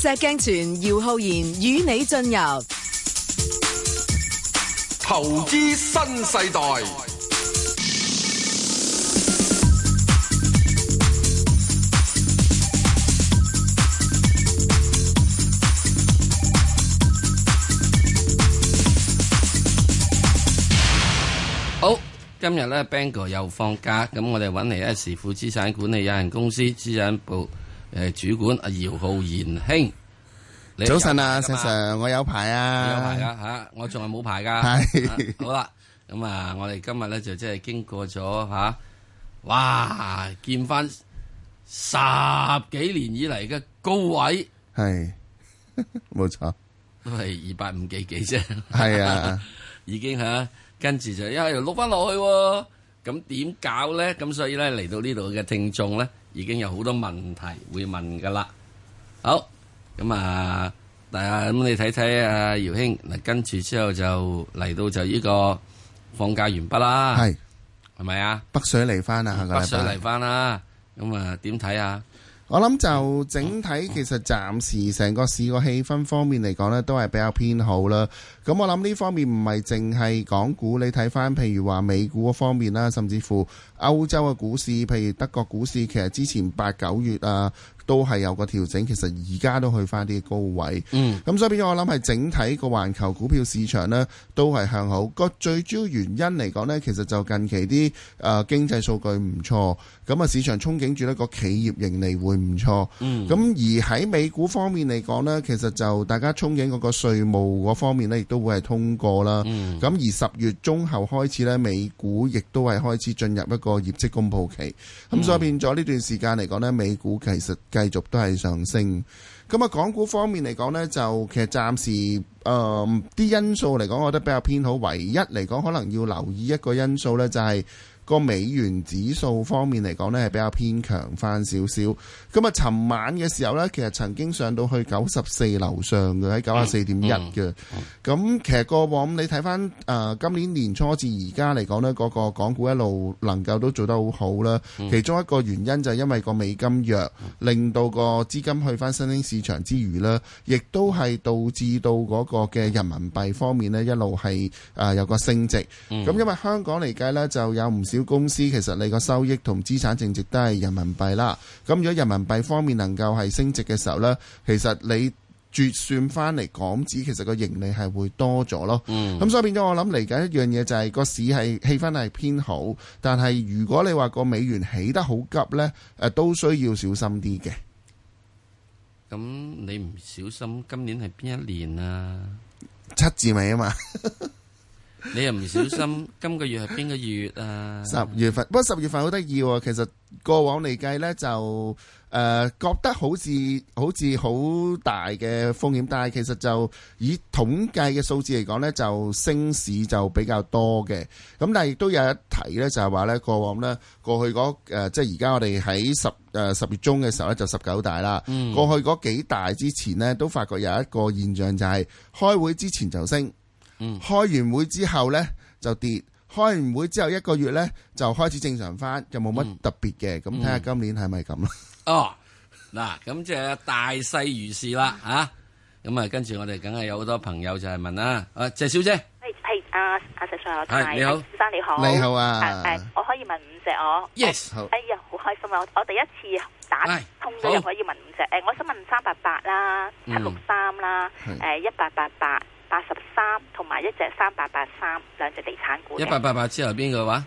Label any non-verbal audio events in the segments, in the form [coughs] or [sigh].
石鏡泉姚浩然與你進入投資新世代。好，今日咧，Bangor 又放假，咁我哋搵嚟時富資產管理有限公司資產部。誒，主管阿姚浩賢兄，早晨啊，石 Sir，我有排啊，有排噶吓，我仲係冇排噶，係是的、啊、好啦，咁啊，我哋今日咧就即係經過咗吓、啊，哇，見翻十幾年以嚟嘅高位，係冇錯，錯都係二百五幾幾啫，係啊，是的 已經吓、啊，跟住就因為落翻落去，咁點搞咧？咁所以咧嚟到呢度嘅聽眾咧。已經有好多問題會問噶啦，好咁啊，大家咁你睇睇啊，姚興嗱、啊、跟住之後就嚟到就呢個放假完畢啦，係係咪啊？北水嚟翻啦，係咪北水嚟翻啦，咁啊點睇啊？我諗就整體其實暫時成個市個氣氛方面嚟講咧，都係比較偏好啦。咁我諗呢方面唔係淨係港股，你睇翻譬如話美股嗰方面啦，甚至乎歐洲嘅股市，譬如德國股市，其實之前八九月啊。都係有個調整，其實而家都去翻啲高位。嗯，咁所以變咗我諗係整體個環球股票市場咧，都係向好。個最主要原因嚟講咧，其實就近期啲誒經濟數據唔錯，咁啊市場憧憬住咧個企業盈利會唔錯。嗯，咁而喺美股方面嚟講咧，其實就大家憧憬嗰個稅務嗰方面咧，亦都會係通過啦。嗯，咁而十月中後開始咧，美股亦都係開始進入一個業績公佈期。咁所以變咗呢段時間嚟講咧，美股其實。繼續都係上升，咁啊，港股方面嚟講呢，就其實暫時誒啲、呃、因素嚟講，我覺得比較偏好，唯一嚟講可能要留意一個因素呢、就是，就係。個美元指數方面嚟講呢係比較偏強翻少少。咁啊，尋晚嘅時候呢，其實曾經上到去九十四樓上嘅，喺九十四點一嘅。咁、嗯嗯、其實過往，你睇翻誒今年年初至而家嚟講呢嗰個港股一路能夠都做得好好啦。嗯、其中一個原因就係因為個美金弱，令到個資金去翻新興市場之餘呢亦都係導致到嗰個嘅人民幣方面呢，一路係誒有個升值。咁、嗯嗯、因為香港嚟計呢，就有唔少。公司其實你個收益同資產淨值都係人民幣啦，咁如果人民幣方面能夠係升值嘅時候呢，其實你折算翻嚟港紙，其實個盈利係會多咗咯。咁、嗯、所以變咗我諗嚟緊一樣嘢就係、是、個市係氣氛係偏好，但係如果你話個美元起得好急呢，誒都需要小心啲嘅。咁你唔小心，今年係邊一年啊？七字尾啊嘛。 [laughs] 你又唔小心？ [laughs] 今個月係邊個月啊？十月份，不過十月份好得意啊！其實過往嚟計呢，就、呃、誒覺得好似好似好大嘅風險，但係其實就以統計嘅數字嚟講呢，就升市就比較多嘅。咁但係亦都有一提呢，就係話呢，過往呢，過去嗰誒、呃、即係而家我哋喺十誒、呃、十月中嘅時候呢，就十九大啦。嗯、過去嗰幾大之前呢，都發覺有一個現象就係開會之前就升。嗯、開完會之後咧就跌，開完會之後一個月咧就開始正常返，就冇乜特別嘅。咁睇下今年係咪咁啦。哦，嗱，咁即係大勢如是啦，吓。咁啊，跟住我哋梗係有好多朋友就係問啦。阿、啊、謝小姐，係係阿阿石生，你、啊、好，先生你好，你好啊。我可以問五隻我，Yes，好。哎呀，好開心啊！我我第一次打通咗又可以問五隻，誒、啊，我想問三八八啦，七六三啦，誒，一八八八。八十三同埋一隻三八八三，兩隻地產股。一八八八之後邊個話？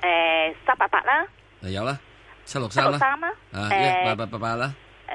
誒，三八八啦。誒，有啦，七六三啦。七六三啦。誒，八八八八啦。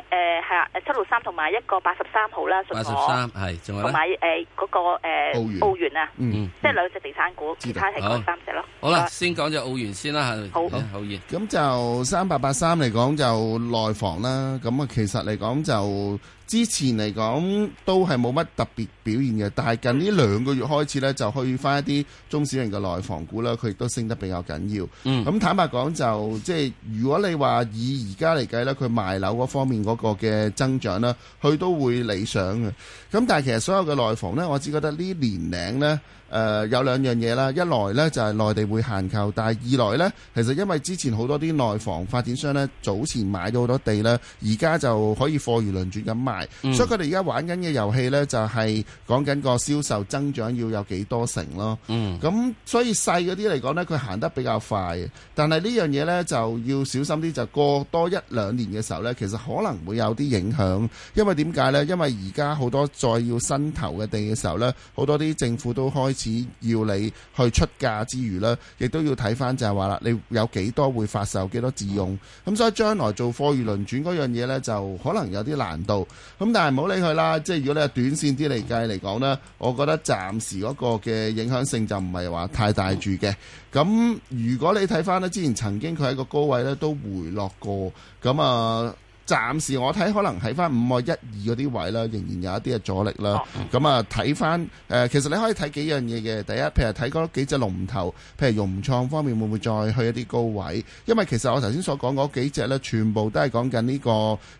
誒，係啊，誒，七六三同埋一個八十三號啦，仲有同埋誒嗰個誒澳元啊，嗯，即係兩隻地產股，其他係嗰三隻咯。好啦，先講隻澳元先啦吓，好，好嘅。咁就三八八三嚟講就內房啦，咁啊其實嚟講就。之前嚟講都係冇乜特別表現嘅，但係近呢兩個月開始呢，就去翻一啲中小型嘅內房股啦，佢亦都升得比較緊要。咁、嗯、坦白講就即係如果你話以而家嚟計呢，佢賣樓嗰方面嗰個嘅增長呢，佢都會理想嘅。咁但係其實所有嘅內房呢，我只覺得呢年齡呢。誒、呃、有兩樣嘢啦，一來呢，就係、是、內地會限購，但係二來呢，其實因為之前好多啲內房發展商呢，早前買咗好多地呢，而家就可以貨如輪轉咁賣，嗯、所以佢哋而家玩緊嘅遊戲呢，就係講緊個銷售增長要有幾多成咯。嗯，咁所以細嗰啲嚟講呢，佢行得比較快，但係呢樣嘢呢，就要小心啲，就過多一兩年嘅時候呢，其實可能會有啲影響，因為點解呢？因為而家好多再要新投嘅地嘅時候呢，好多啲政府都開始。要你去出價之餘呢，亦都要睇翻就係話啦，你有幾多會發售，幾多自用。咁、嗯、所以將來做貨如輪轉嗰樣嘢呢，就可能有啲難度。咁、嗯、但係唔好理佢啦。即係如果你係短線啲嚟計嚟講呢，我覺得暫時嗰個嘅影響性就唔係話太大住嘅。咁、嗯、如果你睇翻呢，之前曾經佢喺個高位呢都回落過。咁啊。暫時我睇可能喺翻五個一二嗰啲位啦，仍然有一啲嘅阻力啦。咁啊、哦，睇翻誒，其實你可以睇幾樣嘢嘅。第一，譬如睇嗰幾隻龍頭，譬如融創方面會唔會再去一啲高位？因為其實我頭先所講嗰幾隻呢，全部都係講緊呢個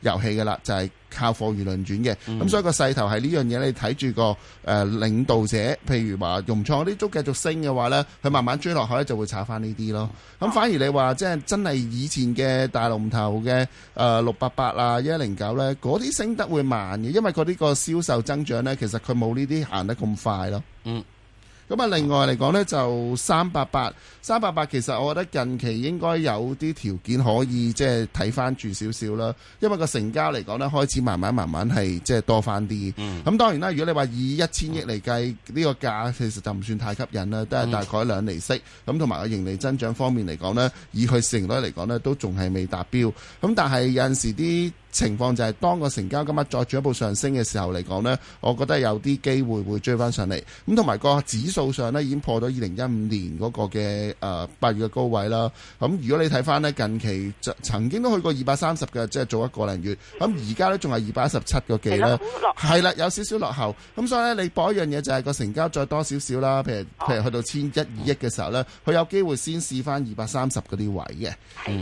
遊戲噶啦，就係、是。靠貨源輪轉嘅，咁、嗯啊、所以個勢頭係呢樣嘢。你睇住個誒、呃、領導者，譬如話融創啲，都繼續升嘅話呢，佢慢慢追落去咧，就會炒翻呢啲咯。咁、嗯、反而你話即係真係以前嘅大龍頭嘅誒六八八啊、一零九呢嗰啲升得會慢嘅，因為佢呢個銷售增長呢，其實佢冇呢啲行得咁快咯。嗯。咁啊，另外嚟講呢，就三八八，三八八其實我覺得近期應該有啲條件可以即係睇翻住少少啦，因為個成交嚟講呢，開始慢慢慢慢係即係多翻啲。咁、嗯、當然啦，如果你話以一千億嚟計，呢、嗯、個價其實就唔算太吸引啦，都係大概兩厘息。咁同埋個盈利增長方面嚟講呢，以佢市盈率嚟講呢，都仲係未達標。咁但係有陣時啲情況就係當個成交今日再進一步上升嘅時候嚟講呢，我覺得有啲機會會追翻上嚟。咁同埋個指數上呢，已經破到二零一五年嗰個嘅誒八月嘅高位啦。咁如果你睇翻呢，近期曾經都去過二百三十嘅，即、就、係、是、做一個零月。咁而家呢，仲係二百一十七個幾呢，係啦，有少少落後。咁所以呢，你博一樣嘢就係個成交再多少少啦。譬如譬如去到千一二億嘅時候呢，佢有機會先試翻二百三十嗰啲位嘅。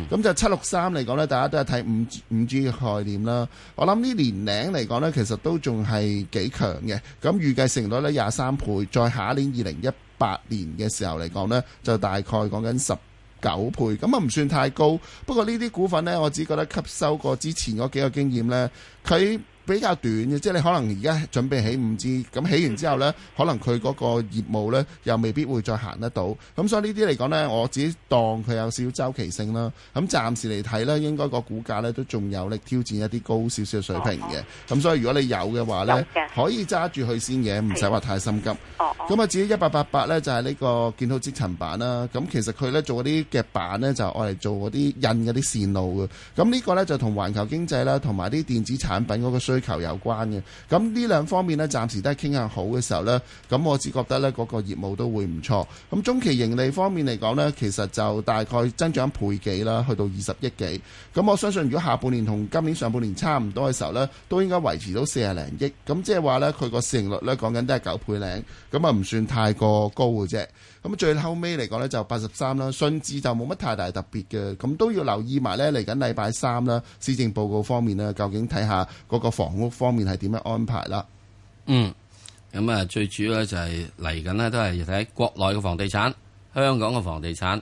咁的就七六三嚟講呢，大家都係睇五五 G 點啦？我諗呢，年齡嚟講呢，其實都仲係幾強嘅。咁預計成率呢，廿三倍，再下一年二零一八年嘅時候嚟講呢，就大概講緊十九倍。咁啊唔算太高。不過呢啲股份呢，我只覺得吸收過之前嗰幾個經驗呢。佢。比較短嘅，即係你可能而家準備起五支，咁起完之後呢，可能佢嗰個業務呢又未必會再行得到。咁所以呢啲嚟講呢，我自己當佢有少少週期性啦。咁暫時嚟睇呢，應該個股價呢都仲有力挑戰一啲高少少水平嘅。咁所以如果你有嘅話呢，的可以揸住佢先嘅，唔使話太心急。咁啊至於一八八八呢，就係、是、呢個建滔積層板啦。咁其實佢呢做嗰啲夾板呢，就愛、是、嚟做嗰啲印嗰啲線路嘅。咁呢個呢，就同環球經濟啦，同埋啲電子產品嗰個需求有關嘅，咁呢兩方面呢，暫時都係傾向好嘅時候呢。咁我只覺得呢嗰、嗰個業務都會唔錯。咁中期盈利方面嚟講呢，其實就大概增長倍幾啦，去到二十億幾。咁我相信如果下半年同今年上半年差唔多嘅時候呢，都應該維持到四十零億。咁即係話呢，佢個市盈率呢，講緊都係九倍零，咁啊唔算太過高嘅啫。咁最後尾嚟講呢，就八十三啦，信置就冇乜太大特別嘅，咁都要留意埋呢。嚟緊禮拜三啦，施政報告方面呢，究竟睇下嗰個房屋方面係點樣安排啦。嗯，咁啊最主要呢、就係，就係嚟緊呢，都係睇國內嘅房地產，香港嘅房地產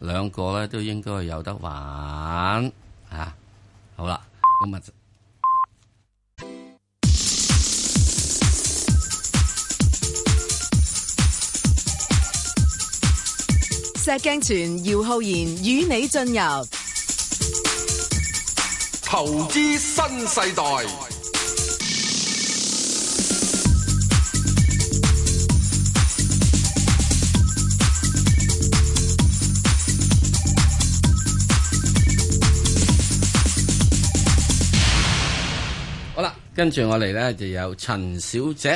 兩個呢都應該有得玩嚇、啊。好啦，咁啊。石鏡泉，姚浩然與你進入投資新世代。好啦，跟住我嚟呢，就有陳小姐，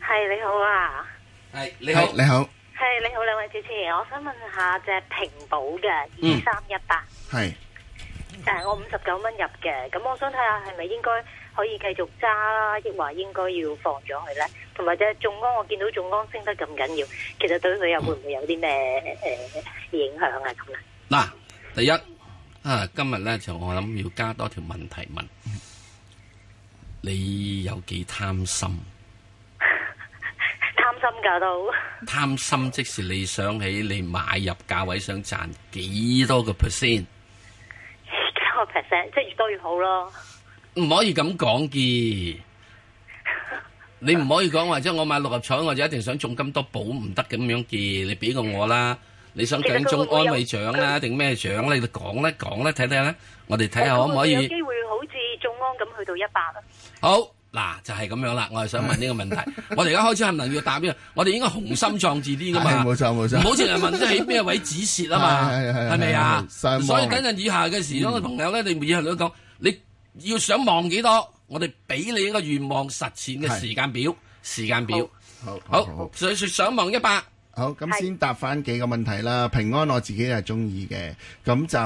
係你好啊，係你好，你好。係你好，兩位主持，我想問下隻平保嘅二三一八，係誒、呃、我五十九蚊入嘅，咁我想睇下係咪應該可以繼續揸啦，抑或應該要放咗佢咧？同埋隻係眾安，我見到眾安升得咁緊要，其實對佢又、嗯、會唔會有啲咩誒影響啊？咁啊，嗱，第一啊，今日咧就我諗要加多條問題問、嗯、你，有幾貪心？貪心即係你想起你買入價位想賺幾多個 percent，幾多 percent 即係越多越好咯。唔可以咁講嘅，你唔可以講，或者我買六合彩我就一定想中咁多寶，唔得咁樣嘅。你俾個我啦，你想中中安慰獎啦，定咩獎咧？你講咧講咧，睇睇啦，我哋睇下可唔可以有機會好似中安咁去到一百啊。好。嗱就係咁樣啦，我係想問呢個問題，我哋而家開始係咪要答呢個？我哋應該雄心壯志啲噶嘛？冇錯冇錯，唔好淨係問即係喺咩位指示啊嘛？係係係，係咪啊？所以等陣以下嘅時鐘嘅朋友咧，你以後都講你要想望幾多，我哋俾你一個願望實踐嘅時間表，時間表，好好，所以說想望一百。好，咁先答翻幾個問題啦。平安我自己係中意嘅，咁就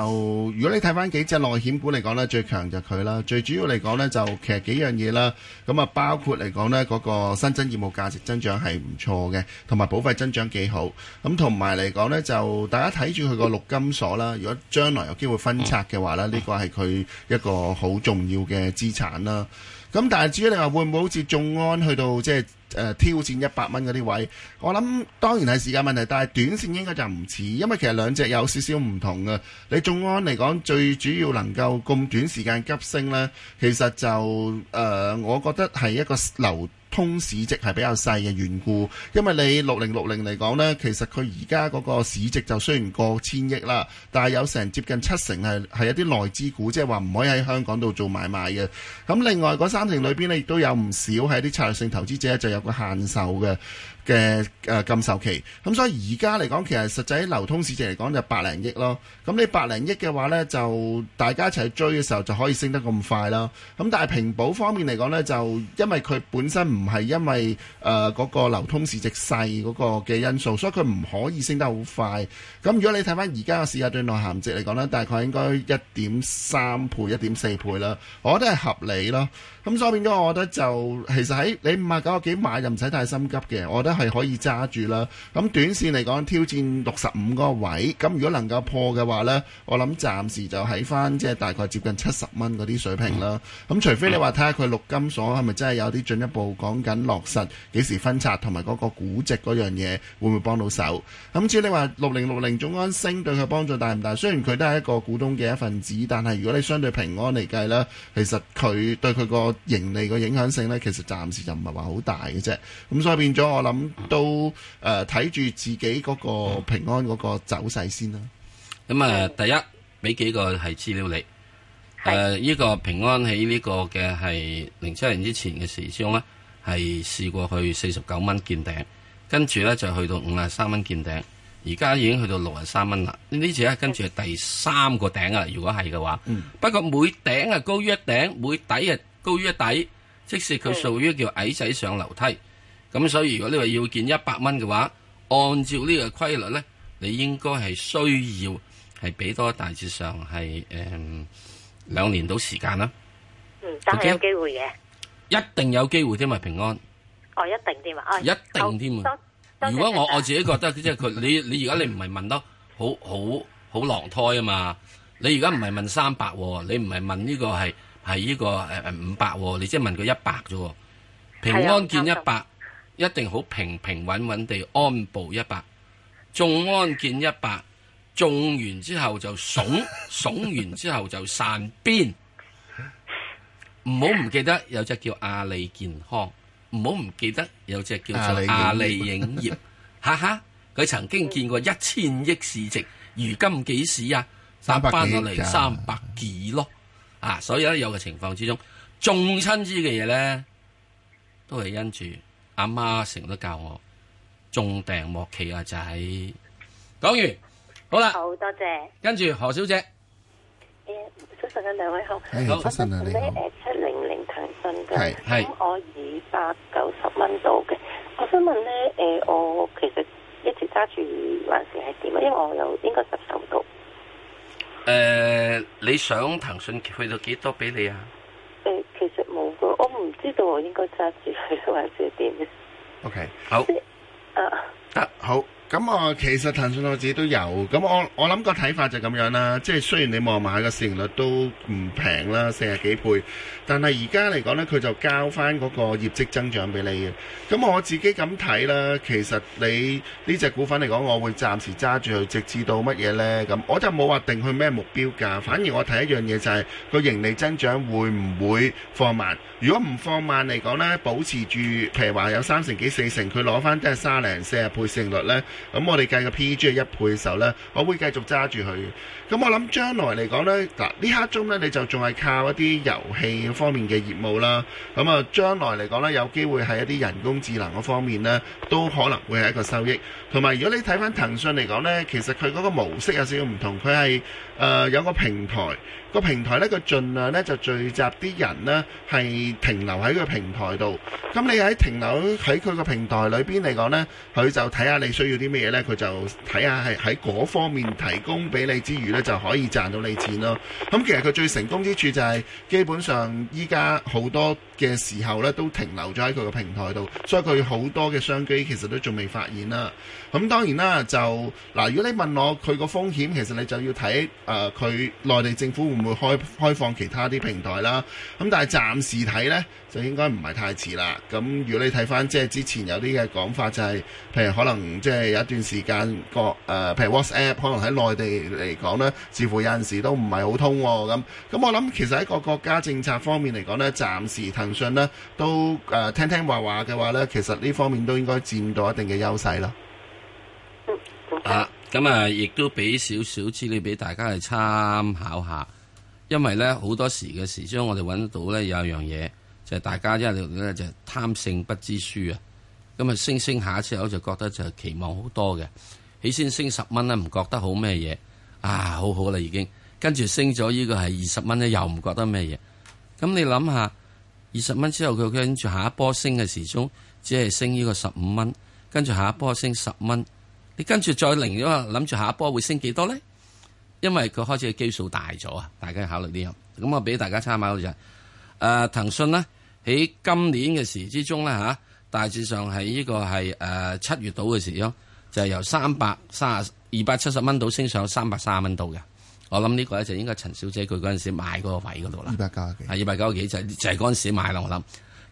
如果你睇翻幾隻內險股嚟講呢，最強就佢啦。最主要嚟講呢，就其實幾樣嘢啦。咁啊，包括嚟講呢，嗰個新增業務價值增長係唔錯嘅，同埋保費增長幾好。咁同埋嚟講呢，就大家睇住佢個陸金所啦。如果將來有機會分拆嘅話呢，呢個係佢一個好重要嘅資產啦。咁但係至於你話會唔會好似眾安去到即係誒，挑戰一百蚊嗰啲位，我諗當然係時間問題，但係短線應該就唔似，因為其實兩隻有少少唔同嘅。你眾安嚟講，最主要能夠咁短時間急升呢，其實就誒、呃，我覺得係一個流。通市值係比較細嘅緣故，因為你六零六零嚟講呢，其實佢而家嗰個市值就雖然過千億啦，但係有成接近七成係係一啲內資股，即係話唔可以喺香港度做買賣嘅。咁另外嗰三成裏邊呢，亦都有唔少係啲策略性投資者就有個限售嘅嘅誒禁售期。咁所以而家嚟講，其實實際喺流通市值嚟講就百零億咯。咁你百零億嘅話呢，就大家一齊追嘅時候，就可以升得咁快啦。咁但係平保方面嚟講呢，就因為佢本身唔係因為誒嗰個流通市值細嗰個嘅因素，所以佢唔可以升得好快。咁如果你睇翻而家嘅市價對內含值嚟講呢，大概應該一點三倍、一點四倍啦，我覺得係合理咯。咁所以變咗，我覺得就其實喺你五啊九個幾買就唔使太心急嘅，我覺得係可以揸住啦。咁短線嚟講挑戰六十五嗰個位，咁如果能夠破嘅話，話咧，我諗暫時就喺翻即係大概接近七十蚊嗰啲水平啦。咁、嗯、除非你話睇下佢陸金所係咪真係有啲進一步講緊落實幾時分拆，同埋嗰個估值嗰樣嘢會唔會幫到手？咁至於你話六零六零眾安升對佢幫助大唔大？雖然佢都係一個股東嘅一份子，但係如果你相對平安嚟計咧，其實佢對佢個盈利個影響性咧，其實暫時就唔係話好大嘅啫。咁所以變咗我諗都誒睇住自己嗰個平安嗰個走勢先啦。咁啊，第一俾幾個係資料你。係是。依、呃這個平安喺呢個嘅係零七年之前嘅時候咧，係試過去四十九蚊見頂，跟住咧就去到五啊三蚊見頂，而家已經去到六啊三蚊啦。呢次咧跟住係第三個頂啊，如果係嘅話。嗯、不過每頂啊高於一頂，每底啊高於一底，即使佢屬於叫矮仔上樓梯。嗯是。咁所以如果你話要見一百蚊嘅話，按照個規呢個規律咧，你應該係需要。係俾多大致上係誒兩年到時間啦，嗯，但係，嗯、有機會嘅，一定有機會添啊！平安，哦，一定添啊！哎、一定添啊！好如果我我自己覺得， [laughs] 即係佢你你而家你唔係問得好好好狼胎啊嘛？你而家唔係問三百、哦，你唔係問呢個係係呢個誒誒五百，你即係問佢一百啫。平安見一百，嗯，一定好平平穩穩地安步一百，眾安見一百。 [laughs] 種完之後就慫，慫完之後就散邊，唔好唔記得有隻叫阿里健康，唔好唔記得有隻叫做阿里影業，哈哈，佢曾經見過一千億市值，如今幾時啊？三百翻嚟，三百幾咯？啊，所以咧有個情況之中，種親知嘅嘢咧，都係因住阿媽成日都教我種地莫企啊，就喺講完。好啦，好多謝。跟住，何小姐，誒、哎，早晨啊，兩位好。早晨啊，你好。我想問咧，誒，七零零騰訊嘅，係係是，咁我二百九十蚊到嘅。我想問咧，誒、呃，我其實一直揸住還是係點啊？因為我有應該十手到。誒、呃，你想騰訊去到幾多俾你啊？誒、呃，其實冇噶，我唔知道我應該揸住係還是點。OK，好。啊啊，好。咁啊、嗯，其實騰訊我自己都有，咁、嗯、我我諗個睇法就咁樣啦，即係雖然你望買個市盈率都唔平啦，四十幾倍，但係而家嚟講呢，佢就交翻嗰個業績增長俾你嘅。咁、嗯、我自己咁睇啦，其實你呢隻股份嚟講，我會暫時揸住佢，直至到乜嘢呢？咁、嗯、我就冇話定佢咩目標價，反而我睇一樣嘢就係、是、個盈利增長會唔會放慢？如果唔放慢嚟講呢，保持住譬如話有三成幾四成，佢攞翻即係三零四十倍市盈率呢。咁我哋計個 PEG 係一倍嘅時候咧，我會繼續揸住佢。咁我諗將來嚟講咧，嗱呢刻中咧你就仲係靠一啲遊戲方面嘅業務啦。咁啊，將來嚟講咧，有機會喺一啲人工智能嗰方面咧，都可能會係一個收益。同埋，如果你睇翻騰訊嚟講咧，其實佢嗰個模式有少少唔同，佢係誒有個平台，個平台咧佢盡量咧就聚集啲人咧，係停留喺個平台度。咁你喺停留喺佢個平台裏邊嚟講咧，佢就睇下你需要啲咩嘢咧，佢就睇下係喺嗰方面提供俾你之餘，就可以賺到你錢咯。咁、嗯、其實佢最成功之處就係基本上依家好多嘅時候咧都停留咗喺佢個平台度，所以佢好多嘅商機其實都仲未發現啦。咁、嗯、當然啦，就嗱、呃，如果你問我佢個風險，其實你就要睇誒佢內地政府會唔會開開放其他啲平台啦。咁、嗯、但係暫時睇咧就應該唔係太遲啦。咁、嗯、如果你睇翻即係之前有啲嘅講法、就是，就係譬如可能即係有一段時間個誒譬如 WhatsApp 可能喺內地嚟講咧。似乎有陣時都唔係好通咁、哦、咁，我諗其實喺個國家政策方面嚟講呢，暫時騰訊呢都誒、呃、聽聽話話嘅話呢，其實呢方面都應該佔到一定嘅優勢啦、嗯。嗯，好、嗯、啊。咁啊，亦都俾少少資料俾大家去參考下，因為呢好多時嘅時，所以我哋揾到呢有一樣嘢就係、是、大家一路咧就是、貪勝不知輸啊。咁、嗯、啊，升升下一次我就覺得就期望好多嘅，起先升十蚊呢，唔覺得好咩嘢。啊，好好啦，已經跟住升咗呢個係二十蚊咧，又唔覺得咩嘢。咁你諗下，二十蚊之後佢跟住下一波升嘅時鐘，只係升呢個十五蚊，跟住下一波升十蚊。你跟住再零咗，諗住下一波會升幾多咧？因為佢開始嘅基數大咗啊，大家考慮啲咁。咁我俾大家參考就，誒騰訊咧喺今年嘅時之中咧嚇、啊，大致上係呢個係誒七月到嘅時鐘，就係、由三百三啊。二百七十蚊到升上三百三十蚊到嘅，我諗呢個咧就應該陳小姐佢嗰陣時買嗰個位嗰度啦。二百九啊幾，二百九啊幾就係、就係嗰陣時買啦，我諗。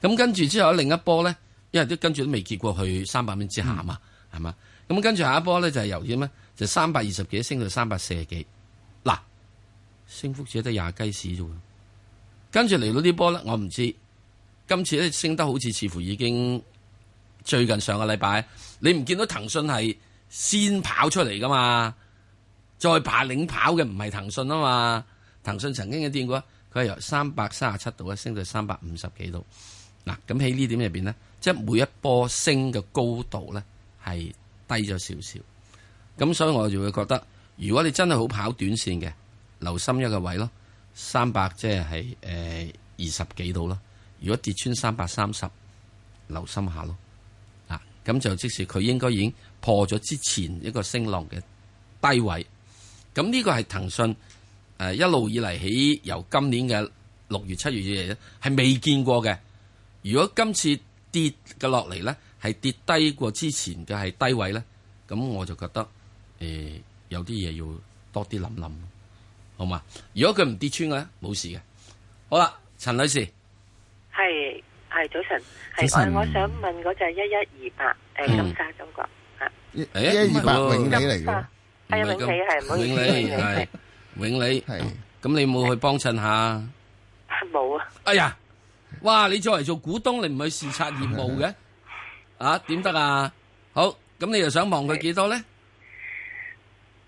咁跟住之後另一波咧，因為跟都跟住都未結過去三百蚊之下嘛，係嘛、嗯？咁跟住下一波咧就係由點咧？就三百二十幾升到三百四十幾，嗱，升幅只得廿雞屎啫喎。跟住嚟到波呢波咧，我唔知。今次咧升得好似似乎已經最近上個禮拜，你唔見到騰訊係。先跑出嚟噶嘛，再爬領跑嘅唔係騰訊啊嘛，騰訊曾經嘅點過，佢係由三百三十七度一升到三百五十幾度，嗱，咁喺呢點入面咧，即係每一波升嘅高度咧係低咗少少，咁所以我就會覺得，如果你真係好跑短線嘅，留心一個位咯，三百即係誒二十幾度咯，如果跌穿三百三十，留心下咯，啊，咁就即時佢應該已經。破咗之前一個升浪嘅低位，咁呢個係騰訊誒一路以嚟起，由今年嘅六月七月以嚟咧係未見過嘅。如果今次跌嘅落嚟咧，係跌低過之前嘅係低位咧，咁我就覺得誒、呃、有啲嘢，要多啲諗諗，好嘛？如果佢唔跌穿嘅咧，冇事嘅。好啦，陳女士，係，係早晨，係我晨、啊、我想問嗰隻一一二八，誒金沙中國。嗯一一二百永利嚟嘅，係啊永利係，永利係，永利係。咁你冇去幫襯下？冇啊！哎呀，哇！你作為做股東，你唔去視察業務嘅，啊，點得啊？好，咁你又想望佢幾多咧？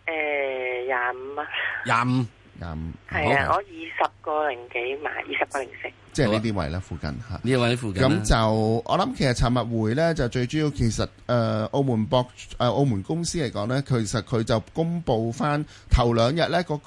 誒，廿五啊，廿五廿五，係啊，我二十個零幾買，二十個零息。即係呢啲位啦，附近嚇。呢位附近。咁麼就我諗，其實尋日回咧就最主要，其實誒、呃、澳門博誒、呃、澳門公司嚟講咧，其實佢就公布翻頭兩日咧嗰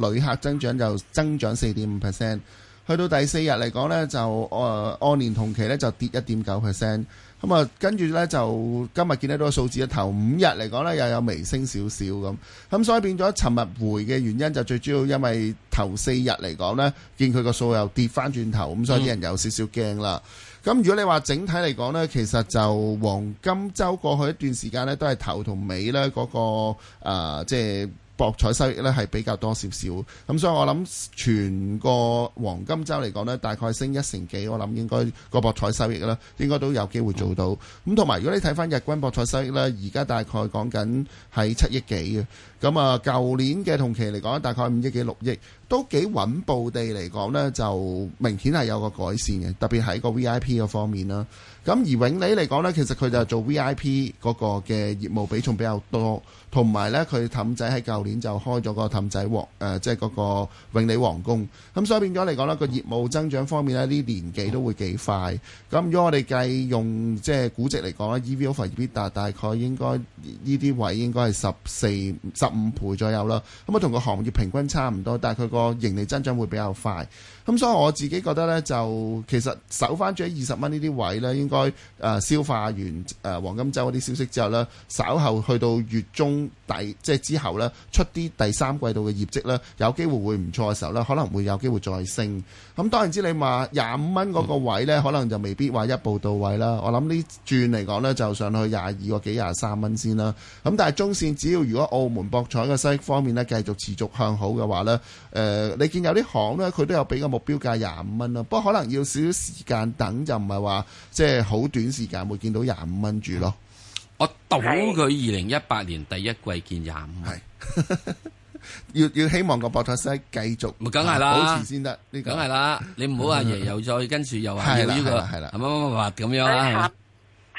個旅客增長就增長四點五 percent。去到第四日嚟講呢，就誒按年同期呢，就跌一點九 percent。咁啊，跟住呢，就今日見得到個數字，頭五日嚟講呢，又有微升少少咁。咁、嗯、所以變咗，尋日回嘅原因就最主要因為頭四日嚟講呢，見佢個數又跌翻轉頭，咁所以啲人有少少驚啦。咁、嗯、如果你話整體嚟講呢，其實就黃金週過去一段時間呢，都係頭同尾呢、那、嗰個、呃、即係。博彩收益咧係比較多少少，咁所以我諗全個黃金周嚟講呢，大概升一成幾，我諗應該個博彩收益呢，應該都有機會做到。咁同埋如果你睇翻日均博彩收益呢，而家大概講緊係七億幾嘅，咁啊舊年嘅同期嚟講，大概五億幾六億，都幾穩步地嚟講呢，就明顯係有個改善嘅，特別喺個 VIP 嗰方面啦。咁而永利嚟講呢，其實佢就做 VIP 嗰個嘅業務比重比較多。同埋咧，佢氹仔喺舊年就開咗個氹仔皇、呃，即係嗰個永利皇宮。咁所以變咗嚟講呢個業務增長方面呢，啲年紀都會幾快。咁如果我哋計用即係估值嚟講呢 EV over EBITDA 大概應該呢啲位應該係十四、十五倍左右啦。咁啊，同個行業平均差唔多，但係佢個盈利增長會比較快。咁所以我自己覺得呢，就其實守翻住喺二十蚊呢啲位呢，應該誒、呃、消化完誒黃金週嗰啲消息之後呢，稍後去到月中。第即係之後呢，出啲第三季度嘅業績呢，有機會會唔錯嘅時候呢，可能會有機會再升。咁當然之，你話廿五蚊嗰個位呢，可能就未必話一步到位啦。我諗呢轉嚟講呢，就上去廿二個幾、廿三蚊先啦。咁但係中線，只要如果澳門博彩嘅收益方面呢，繼續持續向好嘅話呢，誒、呃，你見有啲行呢，佢都有俾個目標價廿五蚊啦。不過可能要少少時間等，就唔係話即係好短時間會見到廿五蚊住咯。我賭佢二零一八年第一季見廿五，係要要希望個博彩繼續，咪梗係啦，保持先得，梗係啦，你唔好話爺又再跟住又話要呢個，係啦，係啦，咁樣。下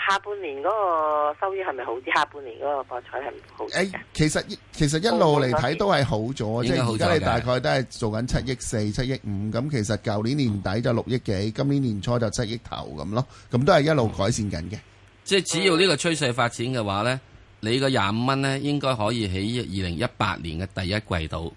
下半年嗰個收益係咪好啲？下半年嗰個博彩係唔好嘅？誒，其實其實一路嚟睇都係好咗，即係而家你大概都係做緊七億四、七億五咁。其實舊年年底就六億幾，今年年初就七億頭咁咯，咁都係一路改善緊嘅。即係只要呢個趨勢發展嘅話呢，你個廿五蚊呢，應該可以喺二零一八年嘅第一季度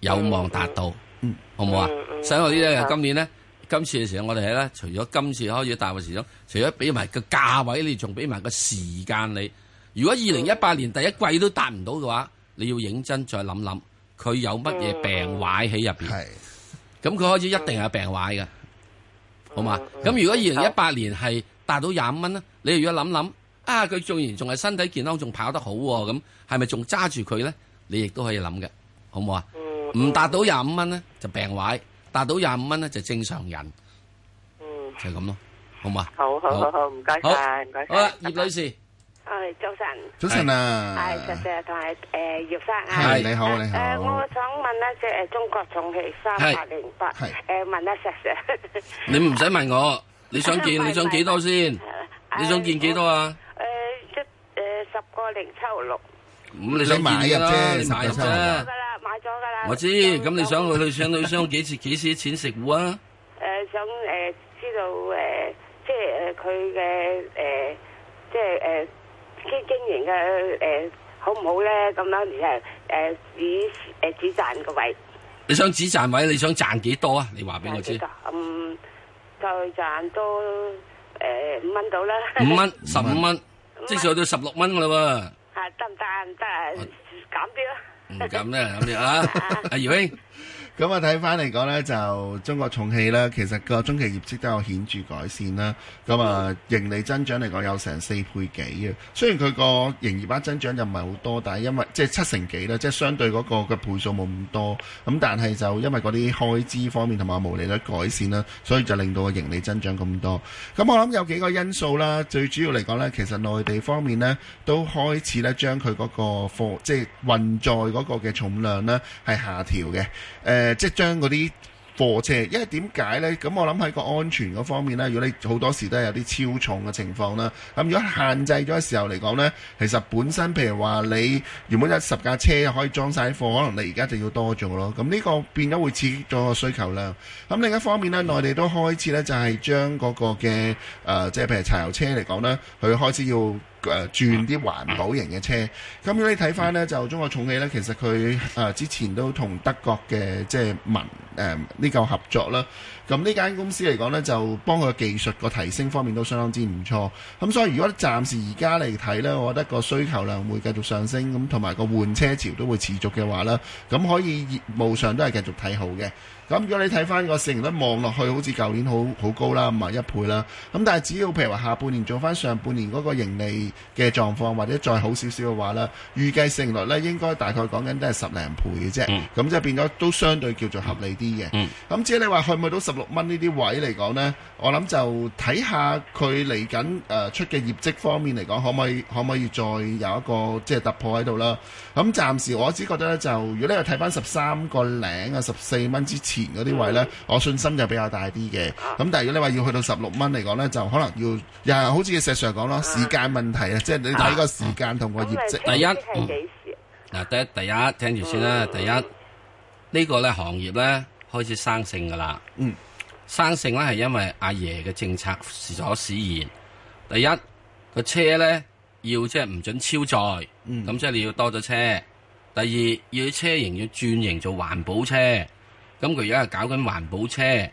有望達到，嗯、好唔好啊？嗯、所以我呢今年呢，今次嘅時候我哋咧，除咗今次開始大步成長，除咗俾埋個價位，你仲俾埋個時間你。如果二零一八年第一季都達唔到嘅話，你要認真再諗諗，佢有乜嘢病壞喺入邊？咁佢、嗯嗯、開始一定係病壞嘅，好嘛？咁、嗯、如果二零一八年係達到廿五蚊咧？你如果諗諗，啊佢縱然仲係身體健康，仲跑得好喎，咁係咪仲揸住佢咧？你亦都可以諗嘅，好唔好啊？唔達到廿五蚊咧，就病壞；達到廿五蚊咧，就正常人。嗯，就咁咯，好唔好啊？好好好好，唔該晒，唔該。好，葉女士。係早晨。早晨啊！係 Sister 同埋誒葉生啊。係你好，你好。誒，我想問一隻誒中國重汽三八零八，係誒問一 Sister。你唔使問我，你想見你想幾多先？你想見幾多啊？誒，一誒十個零七六六。咁你想買啲啫？買咗噶啦，買咗噶啦。我知，咁你想女想女生幾時幾時錢食糊啊？誒，想誒知道誒，即係誒佢嘅，誒，即係誒經經營嘅，誒，好唔好咧？咁樣然係誒只誒只賺個位。你想只賺位？你想賺幾多啊？你話俾我知。嗯，就賺多。誒，五蚊到啦，五蚊元十五蚊，五元即係上到十六蚊㗎啦喎，得唔得啊？得啊，減啲咯，唔減咩？咁你啊！阿耀兄！咁啊，睇翻嚟講呢，就中國重汽呢，其實個中期業績都有顯著改善啦。咁啊，盈利增長嚟講有成四倍幾嘅。雖然佢個營業額增長又唔係好多，但係因為即係、就是、七成幾啦，即、就、係、是、相對嗰個嘅倍數冇咁多。咁但係就因為嗰啲開支方面同埋毛利率改善啦，所以就令到個盈利增長咁多。咁我諗有幾個因素啦。最主要嚟講呢，其實內地方面呢，都開始呢將佢嗰個貨即係、就是、運載嗰個嘅重量呢，係下調嘅。誒、呃。即係將嗰啲貨車，因為點解呢？咁我諗喺個安全嗰方面呢，如果你好多時都係有啲超重嘅情況啦，咁如果限制咗嘅時候嚟講呢，其實本身譬如話你原本有十架車可以裝晒貨，可能你而家就要多做咯。咁呢個變咗會刺激咗個需求量。咁另一方面呢，內地都開始呢，就係將嗰個嘅誒，即係譬如柴油車嚟講咧，佢開始要。誒轉啲環保型嘅車，咁如果你睇翻呢，就中國重汽呢，其實佢誒、呃、之前都同德國嘅即係文誒呢嚿合作啦，咁呢間公司嚟講呢，就幫佢嘅技術個提升方面都相當之唔錯，咁所以如果暫時而家嚟睇呢，我覺得個需求量會繼續上升，咁同埋個換車潮都會持續嘅話呢，咁可以業務上都係繼續睇好嘅。咁如果你睇翻個成率望落去，好去，好似舊年好好高啦，唔係一倍啦。咁但係只要譬如話下半年做翻上半年嗰個盈利嘅狀況，或者再好少少嘅話呢，預計成率呢，應該大概講緊都係十零倍嘅啫。咁即係變咗都相對叫做合理啲嘅。咁至於你話去唔去到十六蚊呢啲位嚟講呢？我諗就睇下佢嚟緊誒出嘅業績方面嚟講，可唔可以可唔可以再有一個即係、就是、突破喺度啦？咁、嗯、暫時我只覺得呢，就如果你係睇翻十三個零啊十四蚊之前。嗰啲位咧，嗯、我信心就比較大啲嘅。咁、啊、但係如果你話要去到十六蚊嚟講咧，就可能要又係好似石 Sir 講咯，時間問題啊，即係你睇個時間同、啊、個業績。啊嗯、第一，嗱、嗯，第一第一聽住先啦。第一呢個咧行業咧開始生性噶啦，嗯，生性咧係因為阿爺嘅政策時左使然。第一個車咧要即係唔準超載，嗯，咁即係你要多咗車。第二要車型要轉型做環保車。咁佢而家係搞緊環保車，咁、